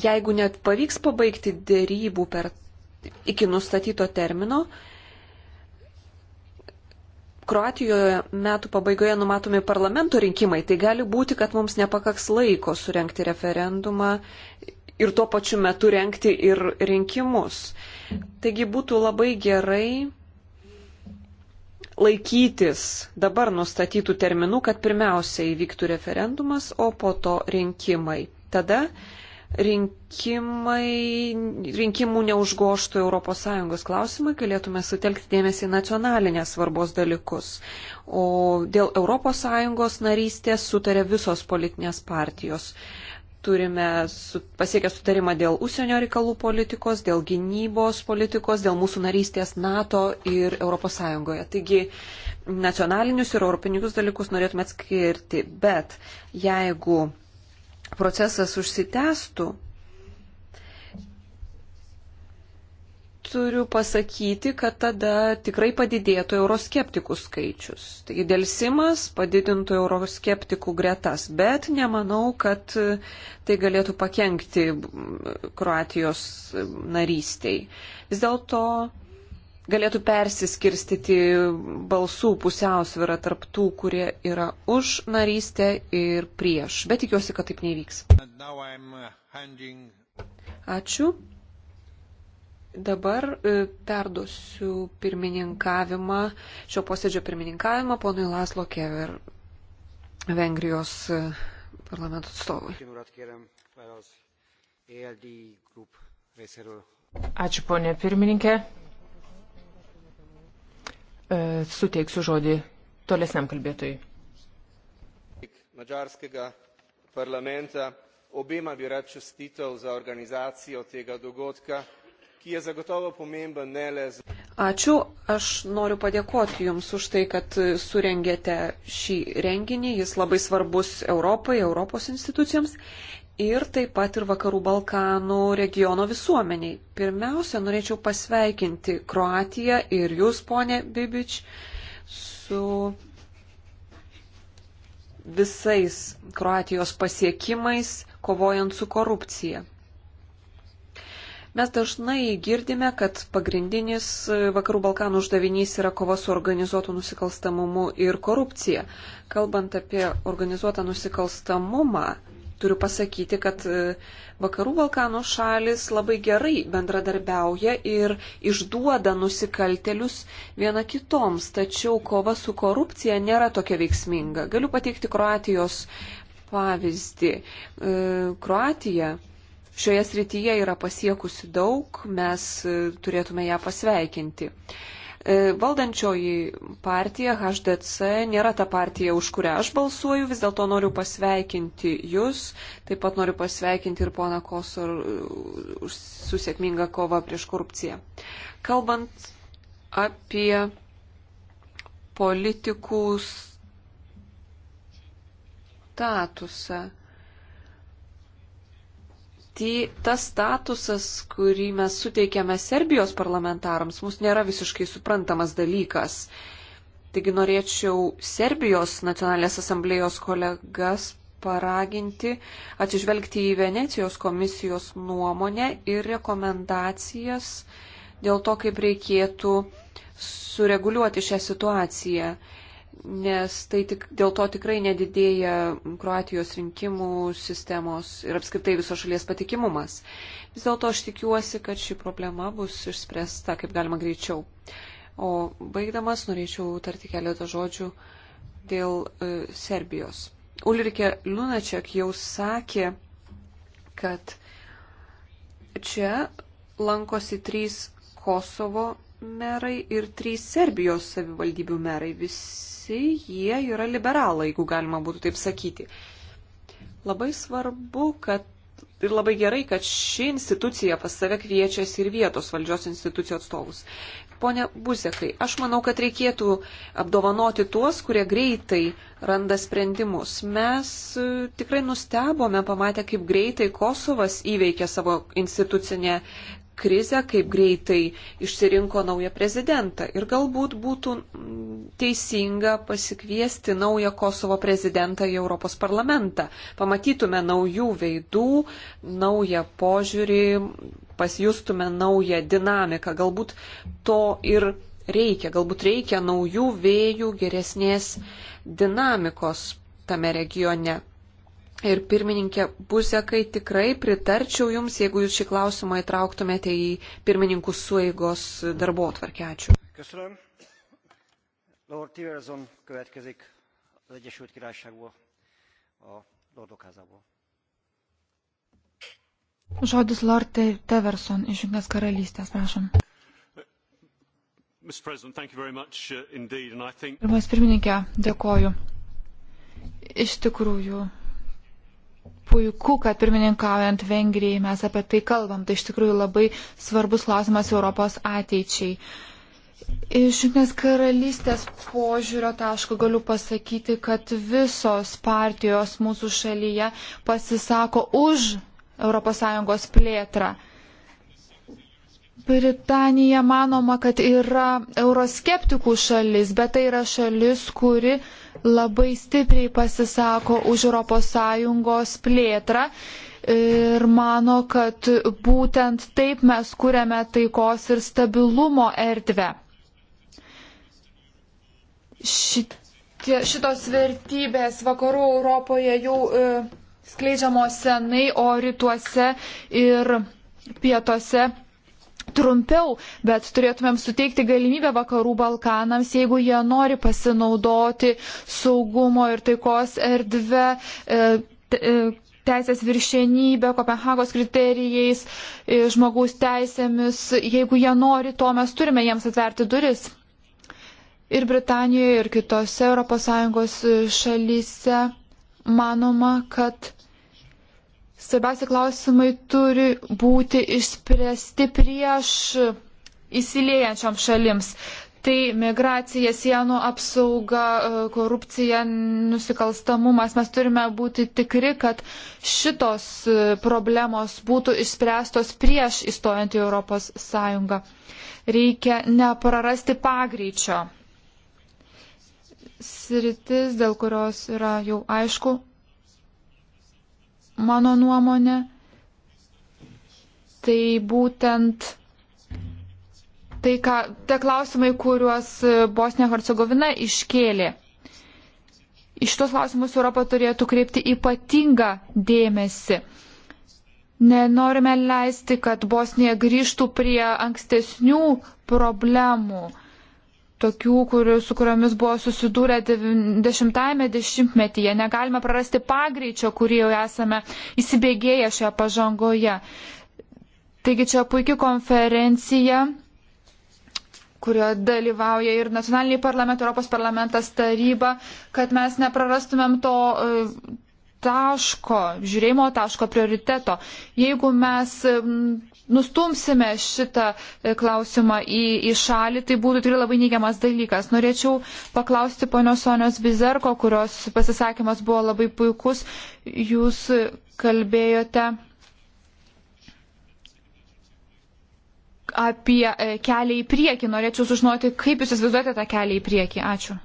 Jeigu net pavyks pabaigti dėrybų per iki nustatyto termino, Kroatijoje metų pabaigoje numatomi parlamento rinkimai, tai gali būti, kad mums nepakaks laiko surenkti referendumą ir tuo pačiu metu renkti ir rinkimus. Taigi būtų labai gerai laikytis dabar nustatytų terminų, kad pirmiausia įvyktų referendumas, o po to rinkimai. Tada rinkimai, rinkimų neužgoštų ES klausimai, galėtume sutelkti dėmesį nacionalinės svarbos dalykus. O dėl ES narystės sutarė visos politinės partijos. Turime su, pasiekę sutarimą dėl užsienio reikalų politikos, dėl gynybos politikos, dėl mūsų narystės NATO ir ES. Taigi nacionalinius ir europinius dalykus norėtume atskirti, bet jeigu procesas užsitęstų, turiu pasakyti, kad tada tikrai padidėtų euroskeptikų skaičius. Taigi dėlsimas padidintų euroskeptikų gretas, bet nemanau, kad tai galėtų pakengti Kroatijos narystiai. Vis dėlto galėtų persiskirstyti balsų pusiausvyrą tarp tų, kurie yra už narystę ir prieš. Bet tikiuosi, kad taip nevyks. Uh, Ačiū. Dabar e, perduosiu pirmininkavimą, šio posėdžio pirmininkavimą ponui Laslo Kever, Vengrijos e, parlamento atstovui. Ačiū ponė pirmininkė. E, suteiksiu žodį tolesniam kalbėtojui. Mačarskega parlamenta obema bi rad čestitev za organizacijo tega dogodka, ki je zagotovo pomemben ne le za. Ačiū, aš noriu padėkoti Jums už tai, kad surengėte šį renginį, jis labai svarbus Europai, Europos institucijoms ir taip pat ir Vakarų Balkanų regiono visuomeniai. Pirmiausia, norėčiau pasveikinti Kroatiją ir jūs, ponė Bibič, su visais Kroatijos pasiekimais, kovojant su korupcija. Mes dažnai girdime, kad pagrindinis Vakarų Balkanų uždavinys yra kova su organizuotu nusikalstamumu ir korupcija. Kalbant apie organizuotą nusikalstamumą, turiu pasakyti, kad e, Vakarų Balkanų šalis labai gerai bendradarbiauja ir išduoda nusikaltelius viena kitoms, tačiau kova su korupcija nėra tokia veiksminga. Galiu pateikti Kroatijos pavyzdį. E, Kroatija šioje srityje yra pasiekusi daug, mes e, turėtume ją pasveikinti. E, valdančioji partija HDC nėra ta partija, už kurią aš balsuoju, vis dėlto noriu pasveikinti jūs, taip pat noriu pasveikinti ir poną Kosor e, už susėkmingą kovą prieš korupciją. Kalbant apie politikų statusą ty, tai tas statusas, kurį mes suteikėme Serbijos parlamentarams, mums nėra visiškai suprantamas dalykas. Taigi norėčiau Serbijos nacionalinės asamblėjos kolegas paraginti atsižvelgti į Venecijos komisijos nuomonę ir rekomendacijas dėl to, kaip reikėtų sureguliuoti šią situaciją nes tai tik, dėl to tikrai nedidėja Kroatijos rinkimų sistemos ir apskritai viso šalies patikimumas. Vis dėlto aš tikiuosi, kad ši problema bus išspręsta kaip galima greičiau. O baigdamas norėčiau tarti keletą žodžių dėl e, Serbijos. Ulrike Lunačiak jau sakė, kad čia lankosi trys Kosovo merai ir trys Serbijos savivaldybių merai. Visi jie yra liberalai, jeigu galima būtų taip sakyti. Labai svarbu, kad ir labai gerai, kad ši institucija pas save kviečiasi ir vietos valdžios institucijų atstovus. Pone Buzekai, aš manau, kad reikėtų apdovanoti tuos, kurie greitai randa sprendimus. Mes e, tikrai nustebome pamatę, kaip greitai Kosovas įveikė savo institucinę krizę, kaip greitai išsirinko naują prezidentą. Ir galbūt būtų mm, teisinga pasikviesti naują Kosovo prezidentą į Europos parlamentą. Pamatytume naujų veidų, naują požiūrį, pasijustume naują dinamiką. Galbūt to ir reikia. Galbūt reikia naujų vėjų, geresnės dinamikos tame regione. Ir pirmininkė Buzekai, tikrai pritarčiau Jums, jeigu Jūs šį klausimą įtrauktumėte į pirmininkų sueigos darbo atvarkę. Ačiū. Žodis Lord Teverson iš Junktinės karalystės, prašom. Pirmas uh, pirmininkė, dėkoju. Iš tikrųjų, puiku, kad pirmininkaujant Vengrijai mes apie tai kalbam. Tai iš tikrųjų labai svarbus klausimas Europos ateičiai. Iš Junktinės karalystės požiūrio taško galiu pasakyti, kad visos partijos mūsų šalyje pasisako už ES plėtrą. Britanija manoma, kad yra euroskeptikų šalis, bet tai yra šalis, kuri uh, labai stipriai pasisako už ES plėtrą ir mano, kad būtent taip mes kuriame taikos ir stabilumo erdvę. Šitie, šitos vertybės vakarų Europoje jau e, skleidžiamos senai, o rytuose ir pietuose trumpiau, bet turėtumėm suteikti galimybę vakarų Balkanams, jeigu jie nori pasinaudoti saugumo ir taikos erdvę. E, e, teisės viršienybė, Kopenhagos kriterijais, e, žmogaus teisėmis, jeigu jie nori, to mes turime jiems atverti duris. Ir Britanijoje, ir kitose ES šalyse manoma, kad svarbiausi klausimai turi būti išspręsti prieš įsiliejančiam šalims. Tai migracija, sienų apsauga, korupcija, nusikalstamumas. Mes turime būti tikri, kad šitos problemos būtų išspręstos prieš įstojant į Europos Sąjungą. Reikia neprarasti pagreičio. Sritis, dėl kurios yra jau aišku, mano nuomonė, tai būtent tai, ką, tie klausimai, kuriuos Bosnija Hercegovina iškėlė. Iš tuos klausimus Europą turėtų kreipti ypatingą dėmesį. Nenorime leisti, kad Bosnija grįžtų prie ankstesnių problemų tokių, kur, su kuriomis buvo susidūrę 10-ame dešimtmetyje. Negalime prarasti pagreičio, kurį jau esame įsibėgėję šioje pažangoje. Taigi čia puikia konferencija kurioje dalyvauja ir nacionaliniai parlamentai, Europos parlamentas, taryba, kad mes neprarastumėm to e, taško, žiūrėjimo taško prioriteto. Jeigu mes nustumsime šitą e, klausimą į, į šalį, tai būtų tikrai labai neigiamas dalykas. Norėčiau paklausti ponios Sonios Bizerko, kurios pasisakymas buvo labai puikus. Jūs kalbėjote apie e, kelią į priekį. Norėčiau sužinoti, kaip jūs įsivaizduojate tą kelią į priekį. Ačiū.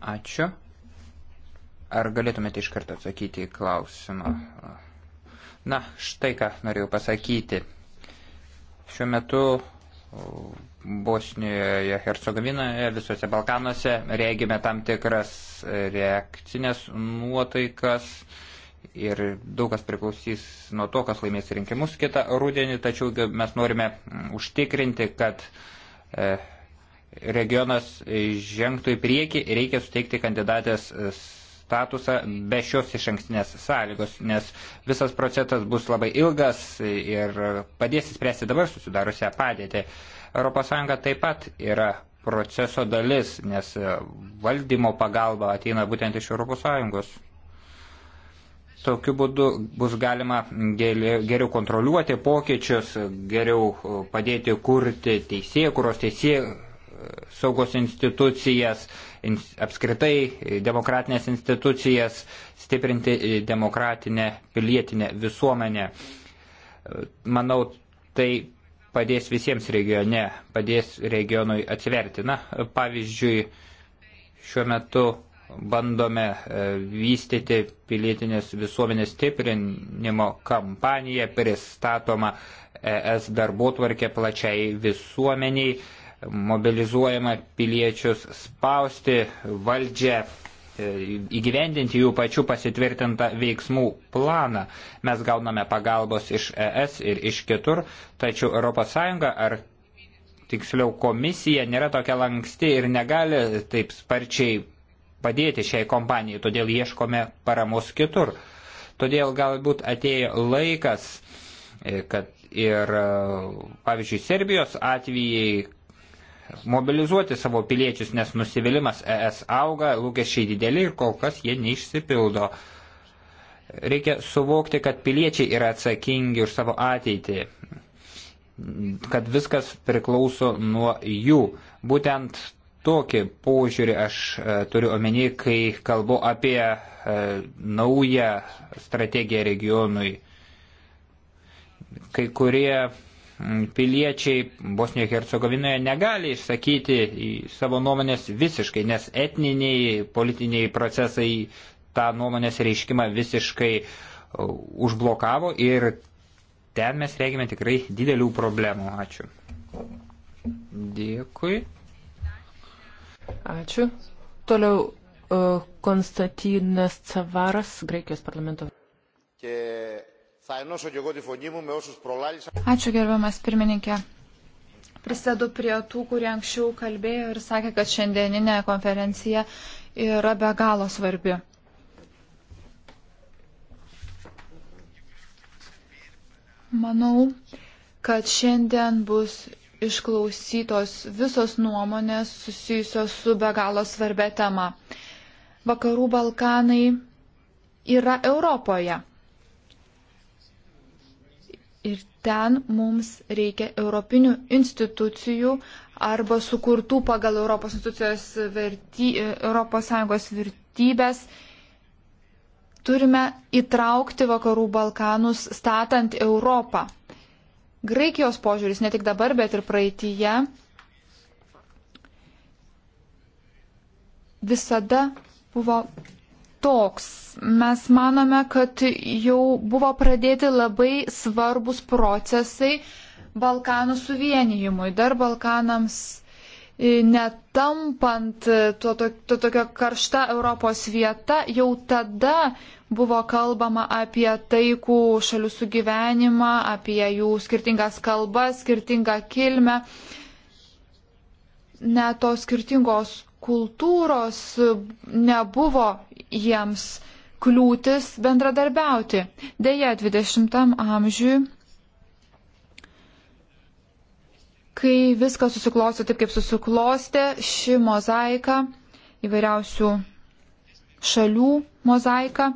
Ačiū. Ar galėtumėte iš karto atsakyti į klausimą? Mhm. Na, štai ką norėjau pasakyti. Šiuo metu Bosnijoje, Hercegovinoje, visose Balkanuose regime tam tikras reakcinės nuotaikas ir daug kas priklausys nuo to, kas laimės rinkimus kitą rudenį, tačiau mes norime užtikrinti, kad e, regionas žengtų į priekį ir reikia suteikti kandidatės statusą be šios iš ankstinės sąlygos, nes visas procesas bus labai ilgas ir padės įspręsti dabar susidariusią padėtį. ES taip pat yra proceso dalis, nes valdymo pagalba ateina būtent iš ES. Tokiu būdu bus galima geriau kontroliuoti pokyčius, geriau padėti kurti teisėkuros, teisėkuros saugos institucijas, apskritai demokratinės institucijas, stiprinti demokratinę pilietinę visuomenę. Manau, tai padės visiems regione, padės regionui atsiverti. Na, pavyzdžiui, šiuo metu bandome e, vystyti pilietinės visuomenės stiprinimo kampaniją, pristatoma ES darbo tvarkė plačiai visuomeniai mobilizuojama piliečius spausti valdžią e, įgyvendinti jų pačių pasitvirtintą veiksmų planą. Mes gauname pagalbos iš ES ir iš kitur, tačiau ES ar tiksliau komisija nėra tokia lanksti ir negali taip sparčiai padėti šiai kompanijai, todėl ieškome paramos kitur. Todėl galbūt atėjo laikas, e, kad ir, e, pavyzdžiui, Serbijos atvejai, mobilizuoti savo piliečius, nes nusivylimas ES auga, lūkesčiai dideli ir kol kas jie neišsipildo. Reikia suvokti, kad piliečiai yra atsakingi už savo ateitį, kad viskas priklauso nuo jų. Būtent tokį požiūrį aš e, turiu omeny, kai kalbu apie e, naują strategiją regionui. Kai kurie piliečiai Bosnijoje Hercegovinoje negali išsakyti savo nuomonės visiškai, nes etniniai politiniai procesai tą nuomonės reiškimą visiškai e, užblokavo ir ten mes reikime tikrai didelių problemų. Ačiū. Dėkui. Ačiū. Toliau e, Konstantinas Cavaras, Graikijos parlamento. Και Ačiū gerbiamas pirmininkė. Prisėdu prie tų, kurie anksčiau kalbėjo ir sakė, kad šiandieninė konferencija yra be galo svarbi. Manau, kad šiandien bus išklausytos visos nuomonės susijusios su be galo svarbia tema. Vakarų Balkanai yra Europoje. ten mums reikia europinių institucijų arba sukurtų pagal Europos institucijos verty, Europos Sąjungos vertybės. Turime įtraukti vakarų Balkanus statant Europą. Graikijos požiūris ne tik dabar, bet ir praeitįje visada buvo toks. Mes manome, kad jau buvo pradėti labai svarbus procesai Balkanų suvienijimui, dar Balkanams e, netampant to, to, to tokio karšta Europos vieta, jau tada buvo kalbama apie taikų šalių sugyvenimą, apie jų skirtingas kalbas, skirtingą kilmę. Net tos skirtingos kultūros nebuvo jiems kliūtis bendradarbiauti. Deja, 20-am amžiui, kai viskas susiklosti taip, kaip susiklosti, ši mozaika įvairiausių šalių mozaika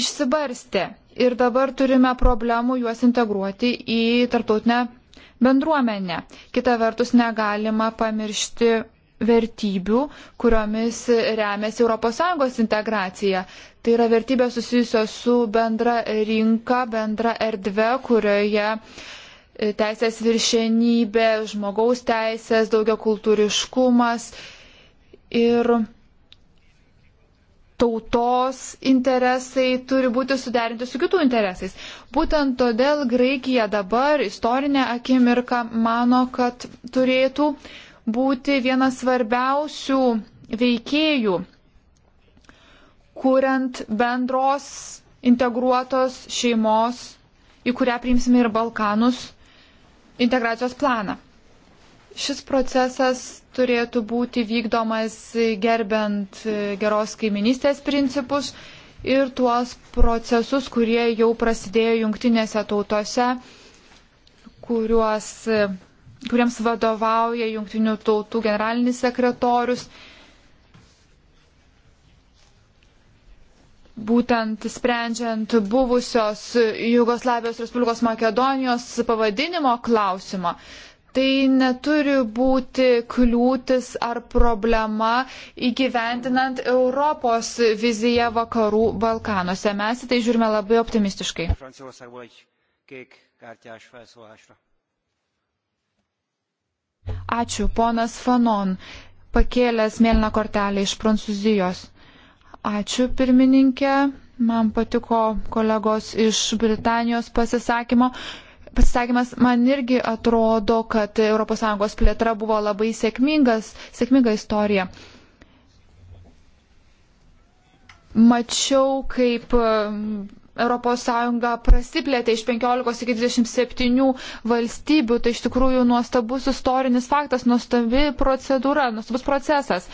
išsibarstė. Ir dabar turime problemų juos integruoti į tarptautinę bendruomenę. Kita vertus, negalima pamiršti vertybių, kuriomis remiasi ES integracija. Tai yra vertybės susijusios su bendra rinka, bendra erdve, kurioje e, teisės viršenybė, žmogaus teisės, daugia kultūriškumas ir tautos interesai turi būti suderinti su kitų interesais. Būtent todėl Graikija dabar istorinė akimirka mano, kad turėtų uh, būti vienas svarbiausių veikėjų, kuriant bendros integruotos šeimos, į kurią priimsime ir Balkanus, integracijos planą. Šis procesas turėtų būti vykdomas gerbent geros kaiminystės principus ir tuos procesus, kurie jau prasidėjo jungtinėse tautose, kuriuos kuriems vadovauja Junktinių tautų generalinis sekretorius. Būtent sprendžiant buvusios Jugoslavijos Respublikos Makedonijos pavadinimo klausimą, tai neturi būti kliūtis ar problema įgyvendinant Europos viziją vakarų Balkanuose. Mes į tai žiūrime labai optimistiškai. Francijos, Ačiū, ponas Fanon, pakėlęs mėlyną kortelę iš Prancūzijos. Ačiū, pirmininkė. Man patiko kolegos iš Britanijos pasisakymo. Pasisakymas man irgi atrodo, kad ES plėtra buvo labai sėkmingas, sėkminga istorija. Mačiau, kaip ES prasiplėtė iš 15 iki 27 valstybių. Tai iš tikrųjų nuostabus istorinis faktas, nuostabi procedūra, nuostabus procesas.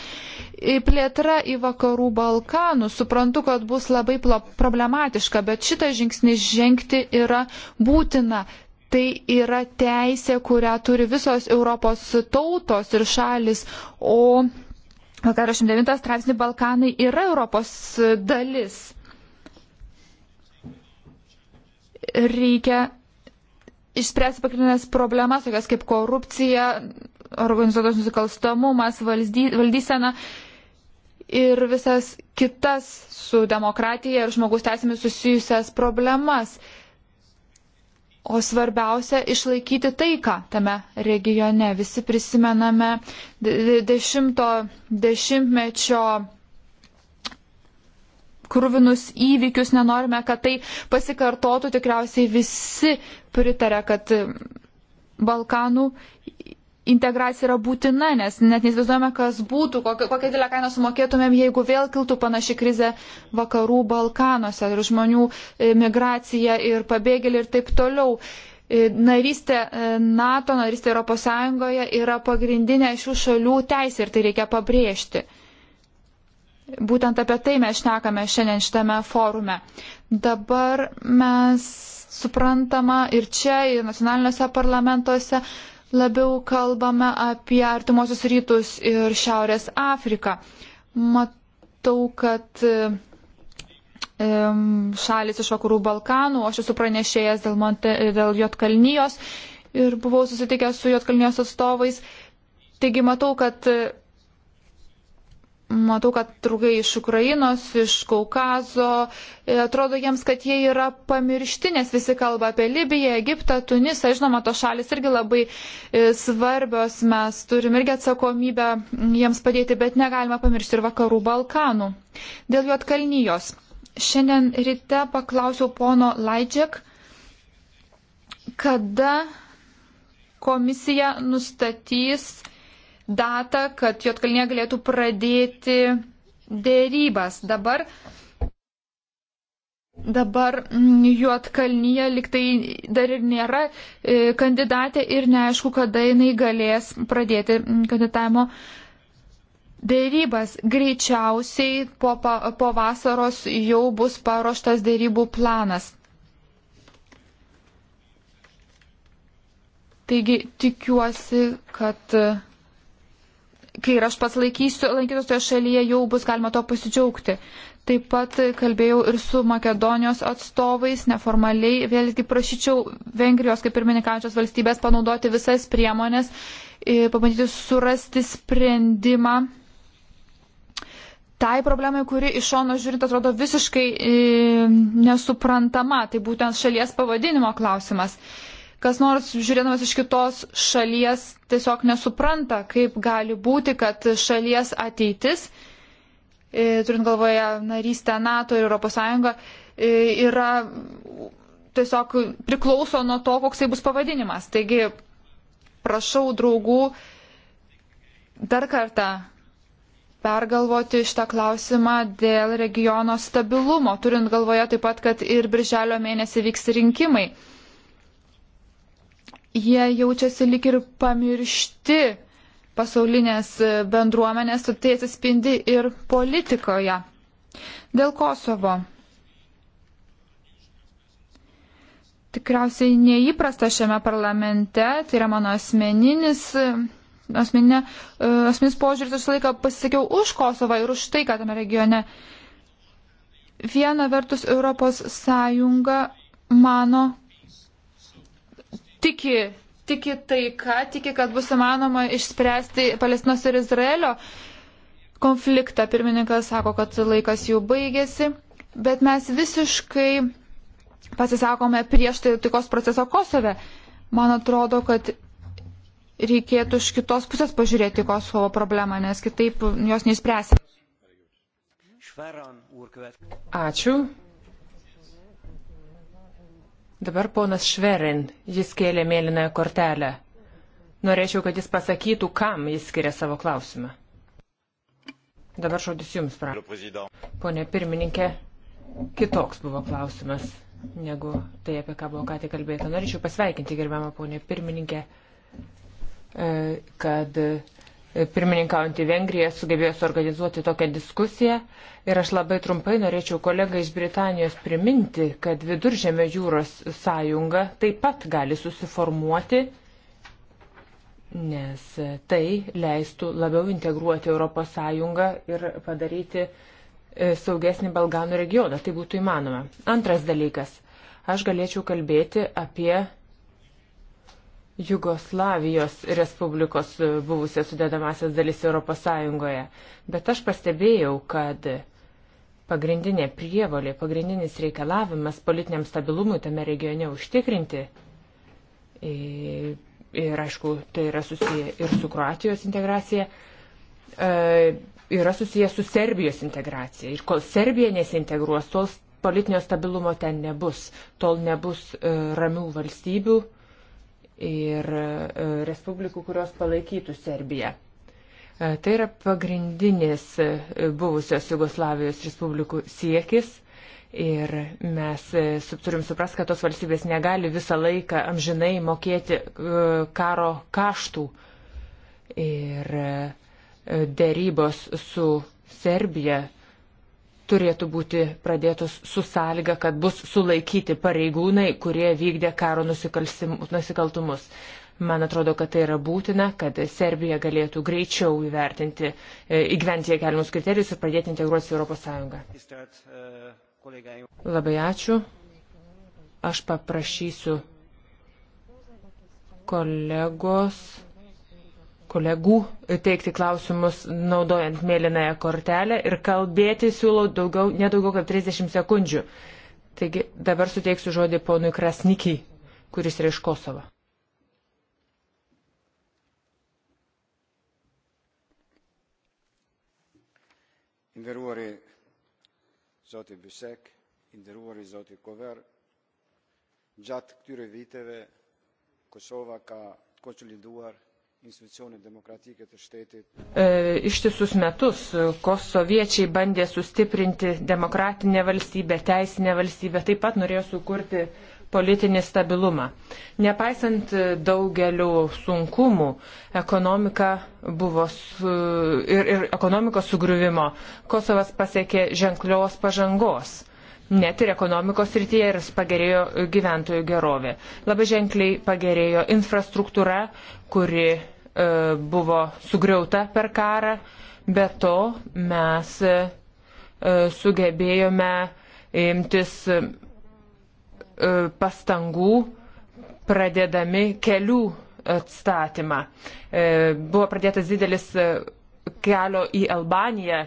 Plėtra į vakarų Balkanų, suprantu, kad bus labai problematiška, bet šitą žingsnį žengti yra būtina. Tai yra teisė, kurią turi visos Europos tautos ir šalis, o 49 straipsnį Balkanai yra Europos dalis. reikia išspręsti pagrindinės problemas, tokias kaip korupcija, organizuotas nusikalstamumas, valdy, valdysena ir visas kitas su demokratija ir žmogus teisėmis susijusias problemas. O svarbiausia - išlaikyti taiką tame regione. Visi prisimename dešimto dešimtmečio krūvinus įvykius, nenorime, kad tai pasikartotų, tikriausiai visi pritarė, kad Balkanų integracija yra būtina, nes net neįsivaizduojame, kas būtų, kokią, kokią didelę kainą sumokėtumėm, jeigu vėl kiltų panaši krizė vakarų Balkanuose ir žmonių e, migracija ir pabėgėliai ir taip toliau. E, narystė e, NATO, narystė ES yra pagrindinė šių šalių teisė ir tai reikia pabrėžti. Būtent apie tai mes šnekame šiandien šitame forume. Dabar mes suprantama ir čia, ir nacionaliniuose parlamentuose labiau kalbame apie artimuosius rytus ir Šiaurės Afriką. Matau, kad šalis iš vakarų Balkanų, aš esu pranešėjęs dėl, Monte, dėl Jotkalnyjos ir buvau susitikęs su Jotkalnyjos atstovais. Taigi matau, kad Matau, kad draugai iš Ukrainos, iš Kaukazo, e, atrodo jiems, kad jie yra pamiršti, nes visi kalba apie Libiją, Egiptą, Tunisą. Žinoma, to šalis irgi labai e, svarbios, mes turim irgi atsakomybę jiems padėti, bet negalime pamiršti ir vakarų Balkanų. Dėl Juotkalnyjos. Šiandien ryte paklausiau pono Laidžek, kada komisija nustatys datą, kad Jotkalnie galėtų pradėti dėrybas. Dabar, dabar mm, Jotkalnie liktai dar ir nėra e, kandidatė ir neaišku, kada jinai galės pradėti mm, kandidatavimo. Dėrybas greičiausiai po, po vasaros jau bus paruoštas dėrybų planas. Taigi tikiuosi, kad kai ir aš pats laikysiu, lankysiu toje šalyje, jau bus galima to pasidžiaugti. Taip pat kalbėjau ir su Makedonijos atstovais, neformaliai, vėlgi prašyčiau Vengrijos kaip pirmininkančios valstybės panaudoti visas priemonės, e, pabandyti surasti sprendimą. Tai problemai, kuri iš šono žiūrint atrodo visiškai e, nesuprantama, tai būtent šalies pavadinimo klausimas. E, kas nors žiūrėdamas iš kitos šalies tiesiog nesupranta, kaip gali būti, kad šalies ateitis, e, turint galvoje narystę NATO ir ES, e, yra tiesiog priklauso nuo to, koksai bus pavadinimas. Taigi, prašau draugų dar kartą pergalvoti šitą klausimą dėl regiono stabilumo, turint galvoje taip pat, kad ir birželio mėnesį vyks rinkimai jie jaučiasi lik ir pamiršti pasaulinės bendruomenės, tai atsispindi ir politikoje. Dėl Kosovo. Tikriausiai neįprasta šiame parlamente, tai yra mano asmeninis, asmeninė, e, asmeninis požiūris, aš visą laiką pasisakiau už Kosovą ir už tai, kad tame regione viena vertus Europos Sąjunga mano, tiki, tiki taika, tiki, kad bus įmanoma išspręsti Palestinos ir Izraelio konfliktą. Pirmininkas sako, kad laikas jau baigėsi, bet mes visiškai pasisakome prieš tai taikos proceso Kosove. Man atrodo, kad reikėtų iš kitos pusės pažiūrėti Kosovo problemą, nes kitaip jos neįspręsime. Ačiū. Dabar ponas Šverin, jis kėlė mėlynąją kortelę. Norėčiau, kad jis pasakytų, kam jis skiria savo klausimą. Dabar žodis jums, prašau. Pone pirmininkė, kitoks buvo klausimas negu tai, apie ką buvo ką tik kalbėta. Norėčiau pasveikinti gerbiamą ponę pirmininkę, e, kad pirmininkaujantį Vengriją sugebėjo suorganizuoti tokią diskusiją. Ir aš labai trumpai norėčiau kolegai iš Britanijos priminti, kad Viduržėmio jūros sąjunga taip pat gali susiformuoti, nes tai leistų labiau integruoti Europos sąjungą ir padaryti e, saugesnį Balganų regioną. Tai būtų įmanoma. Antras dalykas. Aš galėčiau kalbėti apie Jugoslavijos Respublikos e, buvusias sudėdamasias dalis Europos Sąjungoje. Bet aš pastebėjau, kad pagrindinė prievolė, pagrindinis reikalavimas politiniam stabilumui tame regione užtikrinti ir, e, ir aišku, tai yra susiję ir su Kroatijos integracija, e, yra susiję su Serbijos integracija. Ir kol Serbija nesintegruos, tol politinio stabilumo ten nebus, tol nebus ramių valstybių ir e, respublikų, kurios palaikytų Serbiją. E, tai yra pagrindinis e, buvusios Jugoslavijos respublikų siekis ir mes turim suprast, kad tos valstybės negali visą laiką amžinai mokėti karo kaštų. Ir dėrybos su Serbija turėtų būti pradėtos su sąlyga, kad bus sulaikyti pareigūnai, kurie vykdė karo nusikaltumus. Man atrodo, kad tai yra būtina, kad Serbija galėtų greičiau įvertinti, e, įgyventi jie keliamus kriterijus ir pradėti integruotis į Europos Sąjungą. Labai ačiū. Aš paprašysiu kolegos kolegų teikti klausimus naudojant mėlynąją kortelę ir kalbėti siūlau daugiau, nedaugiau kaip 30 sekundžių. Taigi dabar suteiksiu žodį ponui Krasnikiai, kuris yra iš Kosovo. Inderuori Zoti Bisek, inderuori Zoti Kover, gjatë këtyre viteve Kosova ka konsoliduar E, ištisus metus kosoviečiai bandė sustiprinti demokratinę valstybę, teisinę valstybę, taip pat norėjo sukurti politinį stabilumą. Nepaisant daugelių sunkumų, ekonomika buvo su, ir, ir ekonomikos sugriuvimo, Kosovas pasiekė ženklios pažangos net ir ekonomikos srityje ir pagerėjo gyventojų gerovė. Labai ženkliai pagerėjo infrastruktūra, kuri e, buvo sugriauta per karą, be to mes e, sugebėjome imtis e, pastangų pradėdami kelių atstatymą. E, buvo pradėtas didelis e, kelio į Albaniją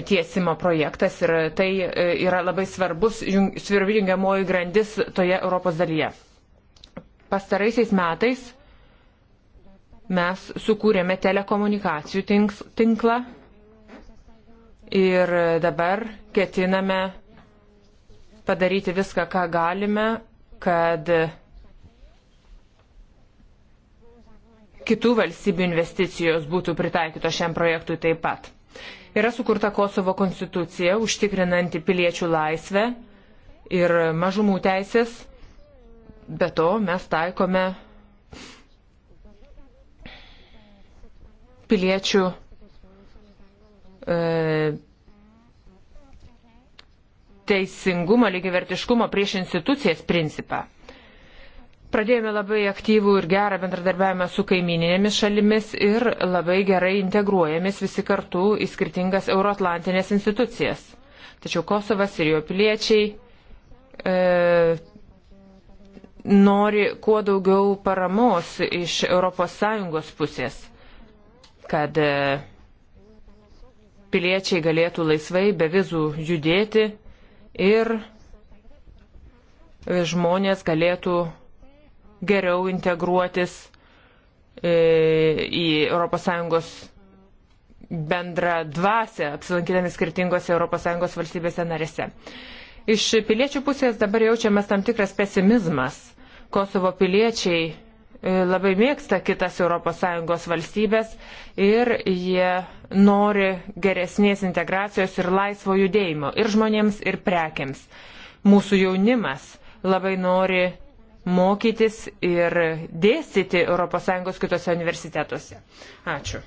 tiesimo projektas ir tai e, yra labai svarbus, svarbi jungiamoji grandis toje Europos dalyje. Pastaraisiais metais mes sukūrėme telekomunikacijų tinklą ir dabar ketiname padaryti viską, ką galime, kad kitų valstybių investicijos būtų pritaikytos šiam projektui taip pat. Yra sukurta Kosovo konstitucija, užtikrinanti piliečių laisvę ir mažumų teisės. Be to mes taikome piliečių e, teisingumo, lygivertiškumo prieš institucijas principą. Pradėjome labai aktyvų ir gerą bendradarbiavimą su kaimininėmis šalimis ir labai gerai integruojamės visi kartu į skirtingas euroatlantinės institucijas. Tačiau Kosovas ir jo piliečiai e, nori kuo daugiau paramos iš ES pusės, kad e, piliečiai galėtų laisvai be vizų judėti ir e, žmonės galėtų geriau integruotis e, į ES bendrą dvasę, apsilankydami skirtingose ES valstybėse narėse. Iš piliečių pusės dabar jaučiamas tam tikras pesimizmas. Kosovo piliečiai e, labai mėgsta kitas ES valstybės ir jie nori geresnės integracijos ir laisvo judėjimo ir žmonėms, ir prekiams. Mūsų jaunimas labai nori mokytis ir dėstyti ES kitose universitetuose. Ačiū.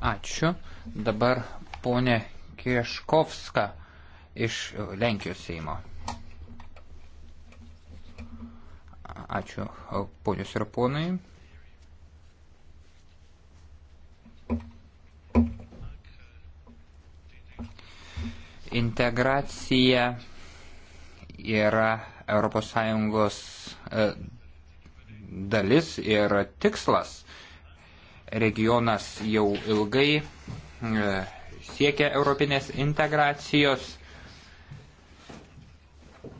Ačiū. Dabar ponė Kieškovska iš Lenkijos Seimo. Ačiū ponius ir ponai. Integracija yra ES e, dalis ir tikslas. Regionas jau ilgai e, siekia europinės integracijos.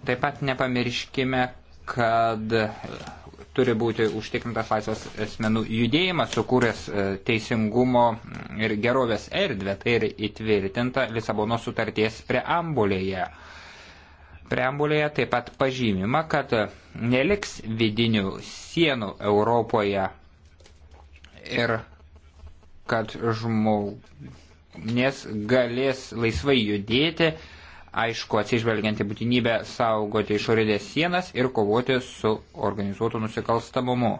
Taip pat nepamirškime, kad turi būti užtikrintas laisvas asmenų judėjimas, sukūręs e, teisingumo ir gerovės erdvę. Tai ir įtvirtinta Lisabono sutarties preambulėje preambulėje taip pat pažymima, kad neliks vidinių sienų Europoje ir kad žmonės galės laisvai judėti, aišku, atsižvelgiant į būtinybę saugoti išorinės sienas ir kovoti su organizuotu nusikalstamumu.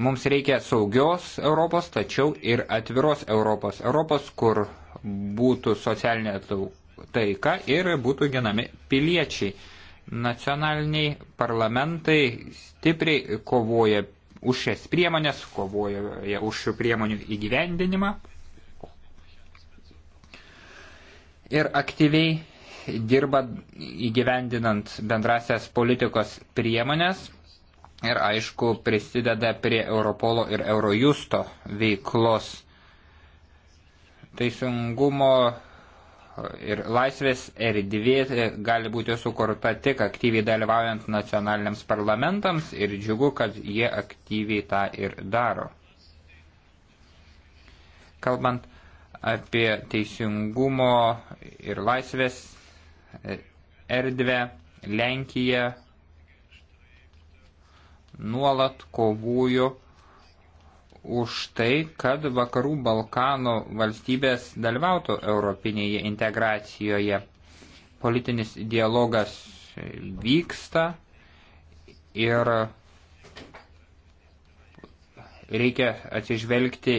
Mums reikia saugios Europos, tačiau ir atviros Europos. Europos, kur būtų socialinė taika ir būtų ginami piliečiai. Nacionaliniai parlamentai stipriai kovoja už šias priemonės, kovoja už šių priemonių įgyvendinimą ir aktyviai dirba įgyvendinant bendrasias politikos priemonės ir aišku prisideda prie Europolo ir Eurojusto veiklos teisingumo ir laisvės erdvė gali būti sukurta tik aktyviai dalyvaujant nacionaliniams parlamentams ir džiugu, kad jie aktyviai tą ir daro. Kalbant apie teisingumo ir laisvės erdvę, Lenkija nuolat kovuoju už tai, kad vakarų Balkanų valstybės dalyvautų europinėje integracijoje. Politinis dialogas vyksta ir reikia atsižvelgti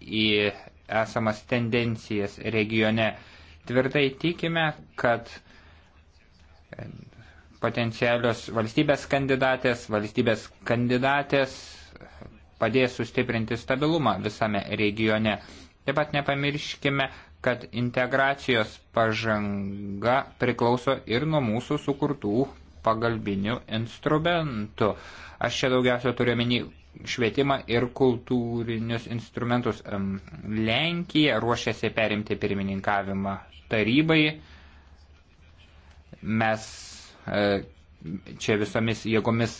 į esamas tendencijas regione. Tvirtai tikime, kad potencialios valstybės kandidatės, valstybės kandidatės padės sustiprinti stabilumą visame regione. Taip pat nepamirškime, kad integracijos pažanga priklauso ir nuo mūsų sukurtų pagalbinių instrumentų. Aš čia daugiausia turiu menį švietimą ir kultūrinius instrumentus. Lenkija ruošiasi perimti pirmininkavimą tarybai. Mes e, čia visomis jėgomis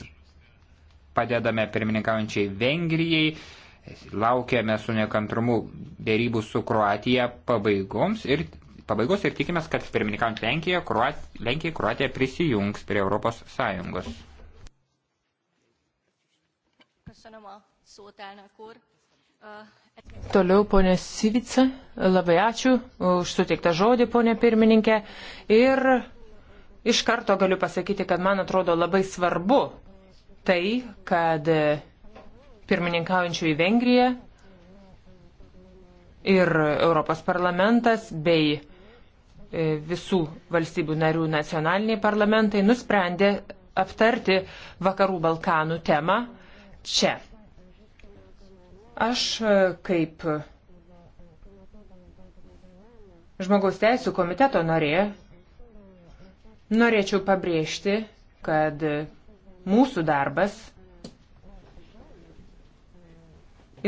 padedame pirmininkaujančiai Vengrijai, laukiame su nekantrumu dėrybų su Kroatija pabaigoms ir pabaigos ir tikimės, kad pirmininkaujant Lenkija, Kroat, Lenkija, Kroatija prisijungs prie Europos Sąjungos. Toliau ponė Sivica, labai ačiū už suteiktą žodį, ponė pirmininkė. Ir iš karto galiu pasakyti, kad man atrodo labai svarbu tai, kad e, pirmininkaujančių į Vengriją ir Europos parlamentas bei e, visų valstybių narių nacionaliniai parlamentai nusprendė aptarti Vakarų Balkanų temą čia. Aš e, kaip žmogaus teisų komiteto norė norėčiau pabrėžti, kad Mūsų darbas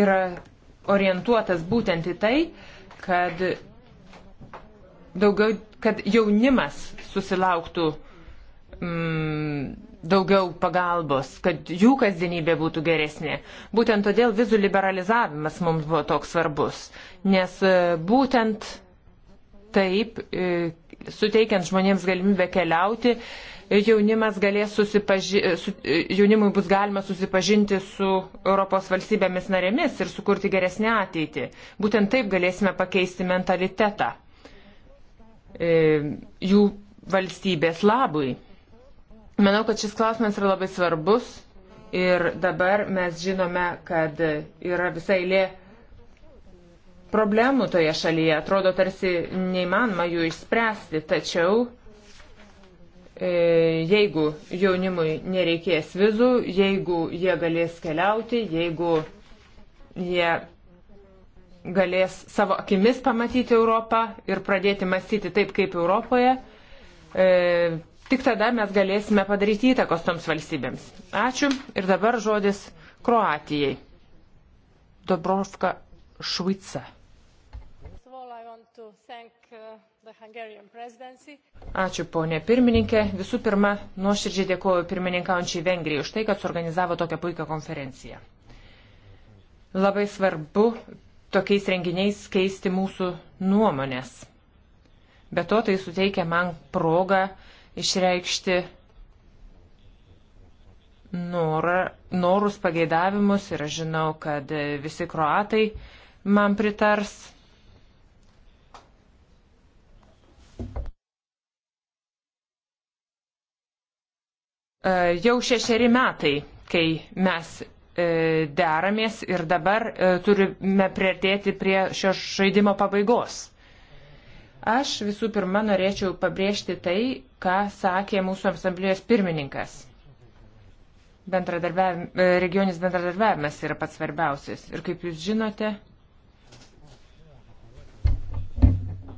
yra orientuotas būtent į tai, kad, daugiau, kad jaunimas susilauktų mm, daugiau pagalbos, kad jų kasdienybė būtų geresnė. Būtent todėl vizų liberalizavimas mums buvo toks svarbus, nes e, būtent taip, e, suteikiant žmonėms galimybę keliauti, jaunimas galės susipaži, su, jaunimui bus galima susipažinti su Europos valstybėmis narėmis ir sukurti geresnį ateitį. Būtent taip galėsime pakeisti mentalitetą e, jų valstybės labui. Manau, kad šis klausimas yra labai svarbus ir dabar mes žinome, kad yra visai lė problemų toje šalyje. Atrodo, tarsi neįmanoma jų išspręsti, tačiau E, jeigu jaunimui nereikės vizų, jeigu jie galės keliauti, jeigu jie galės savo akimis pamatyti Europą ir pradėti mąstyti taip kaip Europoje, e, tik tada mes galėsime padaryti įtakos toms valstybėms. Ačiū ir dabar žodis Kroatijai. Dobrovka Švica. Ačiū, ponė pirmininkė. Visų pirma, nuoširdžiai dėkuoju pirmininkaujančiai Vengrijai už tai, kad suorganizavo tokią puikią konferenciją. Labai svarbu tokiais renginiais keisti mūsų nuomonės. Be to, tai suteikia man progą išreikšti norą, norus, pageidavimus ir aš žinau, kad visi kroatai man pritars E, jau šešeri metai, kai mes e, deramės ir dabar e, turime priartėti prie šio žaidimo pabaigos. Aš visų pirma norėčiau pabrėžti tai, ką sakė mūsų asamblėjos pirmininkas. Bendradarbiavim, regionis bendradarbiavimas yra pats svarbiausias. Ir kaip jūs žinote,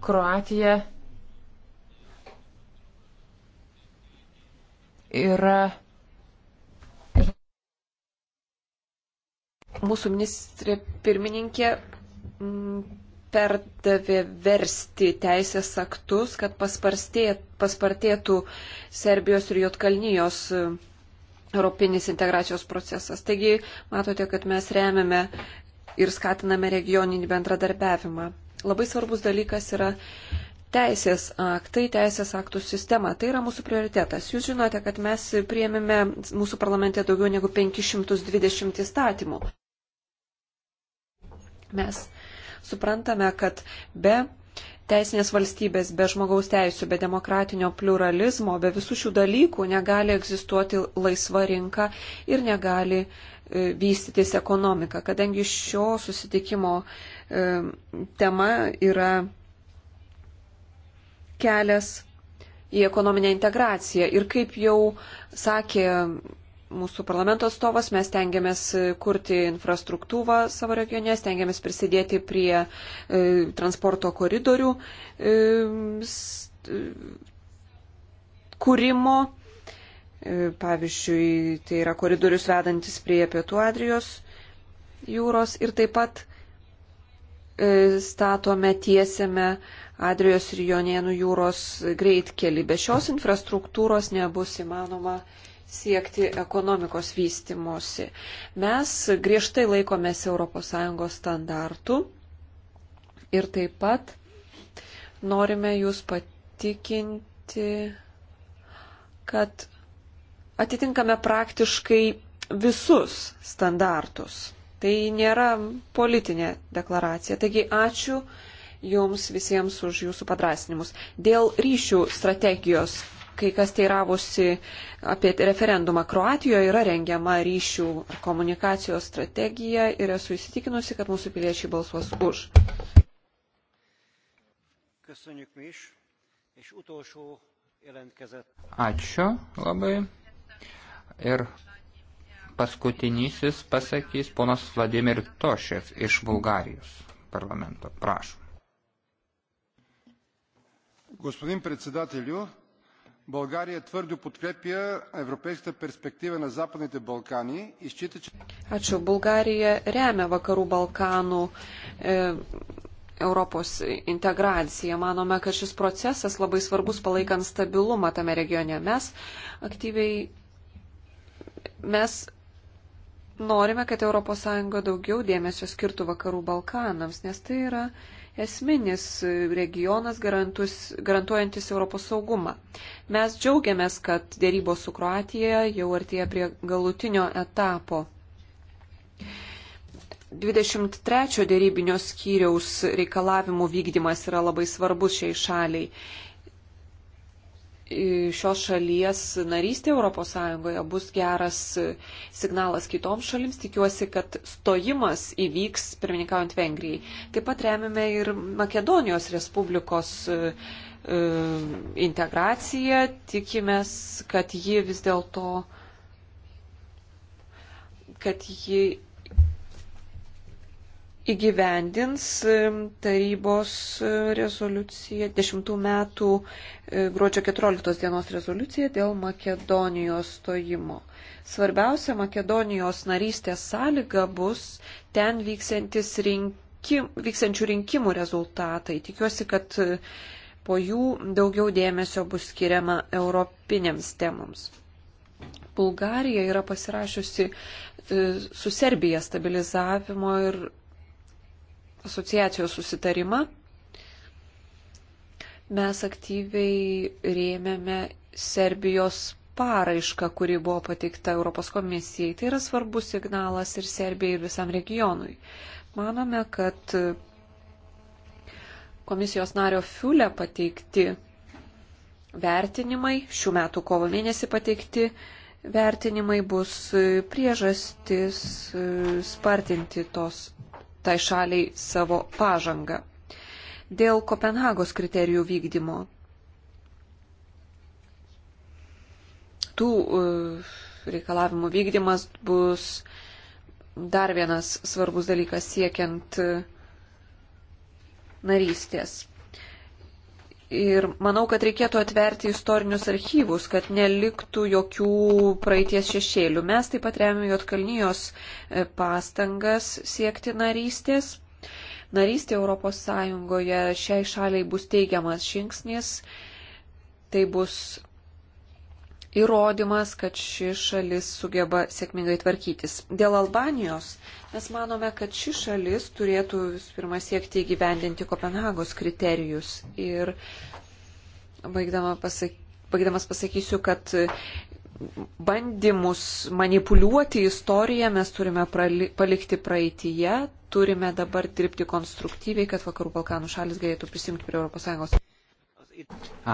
Kroatija yra. Mūsų ministrė pirmininkė perdavė versti teisės aktus, kad paspartėtų Serbijos ir Jotkalnyjos e, europinis integracijos procesas. Taigi, matote, kad mes remiame ir skatiname regioninį bendradarbiavimą. Labai svarbus dalykas yra teisės aktai, teisės aktų sistema. Tai yra mūsų prioritetas. Jūs žinote, kad mes priėmėme mūsų parlamente daugiau negu 520 įstatymų. Mes suprantame, kad be teisinės valstybės, be žmogaus teisų, be demokratinio pluralizmo, be visų šių dalykų negali egzistuoti laisva rinka ir negali e, vystytis ekonomika, kadangi šio susitikimo e, tema yra kelias į ekonominę integraciją. Ir kaip jau sakė mūsų parlamento atstovas, mes tengiamės kurti infrastruktūrą savo regione, tengiamės prisidėti prie e, transporto koridorių e, st, e, kūrimo. E, pavyzdžiui, tai yra koridorius vedantis prie Pietų Adrijos jūros ir taip pat e, statome, tiesiame e, Adrijos ir Jonėnų jūros greitkelį. Be šios infrastruktūros nebus įmanoma siekti ekonomikos vystimosi. Mes griežtai laikomės ES standartų ir taip pat norime jūs patikinti, kad atitinkame praktiškai visus standartus. Tai nėra politinė deklaracija. Taigi ačiū Jums visiems už Jūsų padrasinimus. Dėl ryšių strategijos, kai kas teiravosi apie referendumą Kroatijoje, yra rengiama ryšių komunikacijos strategija ir esu įsitikinusi, kad mūsų piliečiai balsuos už. Ačiū labai. Ir paskutinysis pasakys ponas Vladimir Tošev iš Bulgarijos parlamento. Prašom. Господин председателю, България твърдо подкрепя европейската перспектива на Западните Балкани и счита, че... Ačiū. Bulgarija remia vakarų Balkanų e, Europos integraciją. Manome, kad šis procesas labai svarbus palaikant stabilumą tame regione. Mes aktyviai mes norime, kad ES daugiau dėmesio skirtų vakarų Balkanams, nes tai yra e, esminis regionas garantuojantis Europos saugumą. Mes džiaugiamės, kad dėrybos su Kroatija jau artėja prie galutinio etapo. 23 dėrybinio skyriaus reikalavimų vykdymas yra labai svarbus šiai šaliai šios šalies narystė ES bus geras signalas kitoms šalims. Tikiuosi, kad stojimas įvyks pirmininkaujant Vengrijai. Taip pat remiame ir Makedonijos Respublikos e, e, integraciją. Tikimės, kad ji vis dėlto kad ji įgyvendins tarybos e, rezoliuciją, 10 metų e, gruodžio 14 dienos rezoliuciją dėl Makedonijos stojimo. Svarbiausia Makedonijos narystės sąlyga bus ten rinkim, vyksiančių rinkimų rezultatai. Tikiuosi, kad e, po jų daugiau dėmesio bus skiriama europinėms temams. Bulgarija yra pasirašiusi su Serbija stabilizavimo ir asociacijos susitarimą, mes aktyviai rėmėme Serbijos paraišką, kuri buvo pateikta Europos komisijai. Tai yra svarbus signalas ir Serbijai, ir visam regionui. Manome, kad komisijos nario Fiulė pateikti vertinimai, šių metų kovo mėnesį pateikti vertinimai bus priežastis spartinti tos tai šaliai savo pažangą. Dėl Kopenhagos kriterijų vykdymo. Tų e, reikalavimų vykdymas bus dar vienas svarbus dalykas siekiant e, narystės. Ir manau, kad reikėtų atverti istorinius archyvus, kad neliktų jokių praeities šešėlių. Mes taip pat remiam Jotkalnyjos e, pastangas siekti narystės. Narystė Europos Sąjungoje šiai šaliai bus teigiamas žingsnis. Tai bus įrodymas, kad ši šalis sugeba sėkmingai tvarkytis. Dėl Albanijos mes manome, kad ši šalis turėtų pirmą siekti įgyvendinti Kopenhagos kriterijus. Ir baigdama pasak... baigdamas pasakysiu, kad bandymus manipuliuoti istoriją mes turime prali... palikti praeitįje, turime dabar dirbti konstruktyviai, kad Vakarų Balkanų šalis galėtų prisimti prie ES.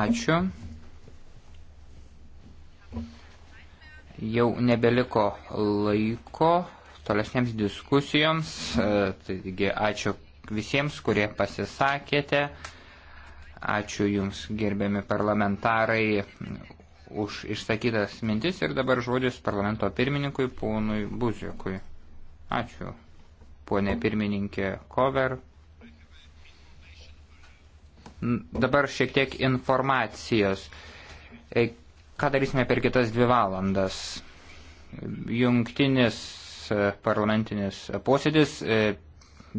Ačiū. Jau nebeliko laiko tolesnėms diskusijoms, e, taigi ačiū visiems, kurie pasisakėte, ačiū Jums, gerbiami parlamentarai, už išsakytas mintis ir dabar žodis parlamento pirmininkui, ponui Buziukui. Ačiū, ponė pirmininkė Kover. Dabar šiek tiek informacijos e, Ką darysime per kitas dvi valandas? Jungtinis e, parlamentinis posėdis e,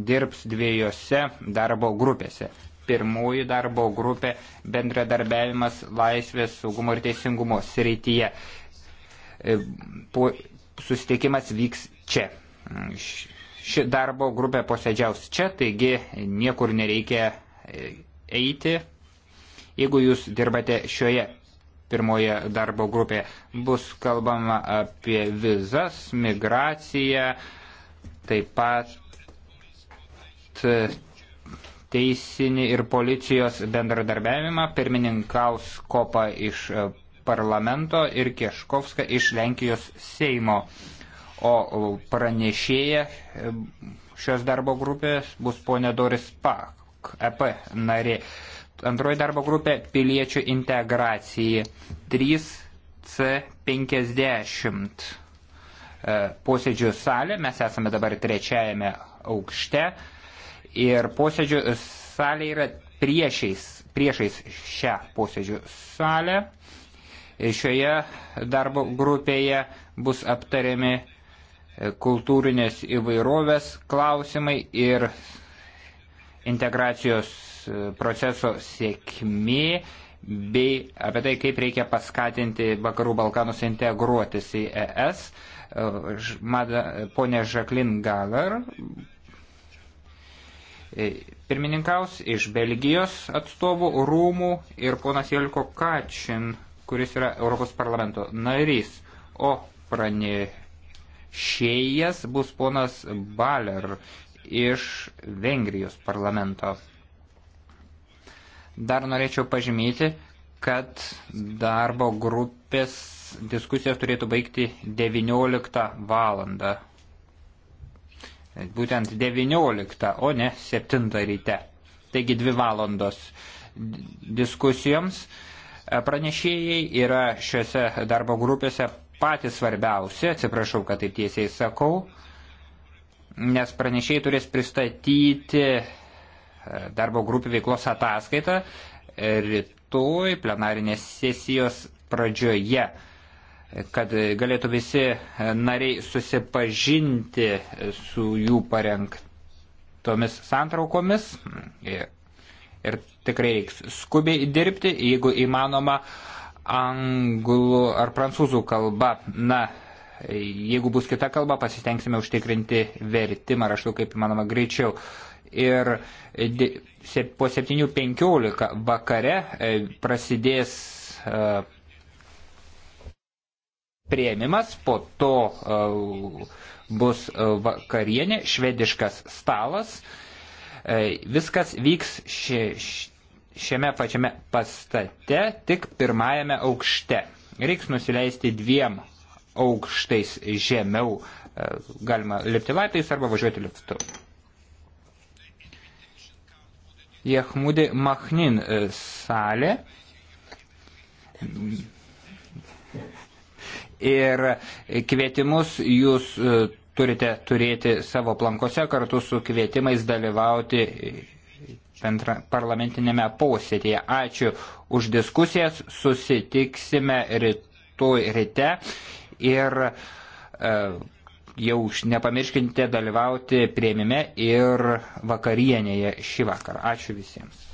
dirbs dviejose darbo grupėse. Pirmoji darbo grupė - bendradarbiavimas laisvės, saugumo ir teisingumo srityje. E, po, susitikimas vyks čia. Ši darbo grupė posėdžiaus čia, taigi niekur nereikia eiti. Jeigu jūs dirbate šioje pirmoje darbo grupėje. Bus kalbama apie vizas, migraciją, taip pat teisinį ir policijos bendradarbiavimą. Pirmininkaus kopa iš parlamento ir Kieškovska iš Lenkijos Seimo. O pranešėja šios darbo grupės bus ponė Doris Pak, EP narė. Antroji darbo grupė - piliečių integracija 3C50 e, posėdžių salė, mes esame dabar trečiajame aukšte ir posėdžių salė yra priešais, priešais šią posėdžių salę. E, šioje darbo grupėje bus aptariami e, kultūrinės įvairovės klausimai ir integracijos proceso sėkmė bei apie tai, kaip reikia paskatinti Vakarų Balkanus integruotis į ES. Pone Žaklin Galar e, pirmininkaus iš Belgijos atstovų rūmų ir ponas Jelko Kačin, kuris yra Europos parlamento narys, o pranešėjas bus ponas Baler iš Vengrijos parlamento. Dar norėčiau pažymėti, kad darbo grupės diskusijos turėtų baigti 19 valandą. Būtent 19, o ne 7 ryte. Taigi 2 valandos diskusijoms. Pranešėjai yra šiuose darbo grupėse patys svarbiausi, atsiprašau, kad taip tiesiai sakau, nes pranešėjai turės pristatyti darbo grupių veiklos ataskaitą e, rytoj plenarinės sesijos pradžioje kad galėtų visi e, nariai susipažinti su jų parengtomis santraukomis e, ir tikrai reiks skubiai dirbti, jeigu įmanoma anglų ar prancūzų kalba. Na, jeigu bus kita kalba, pasistengsime užtikrinti vertimą raštu kaip įmanoma greičiau ir po 7.15 vakare e, prasidės e, prieimimas, po to e, bus vakarienė, švediškas stalas. Viskas vyks ši, šiame pačiame pastate, tik pirmajame aukšte. Reiks nusileisti dviem aukštais žemiau, galima lipti laiptais arba važiuoti liftu. Jehmudi Machnin e, salė. Ir kvietimus jūs e, turite turėti savo plankose kartu su kvietimais dalyvauti parlamentinėme posėdėje. Ačiū už diskusijas, susitiksime rytoj ryte ir uh, jau nepamirškite dalyvauti prieimime ir vakarienėje šį vakarą. Ačiū visiems.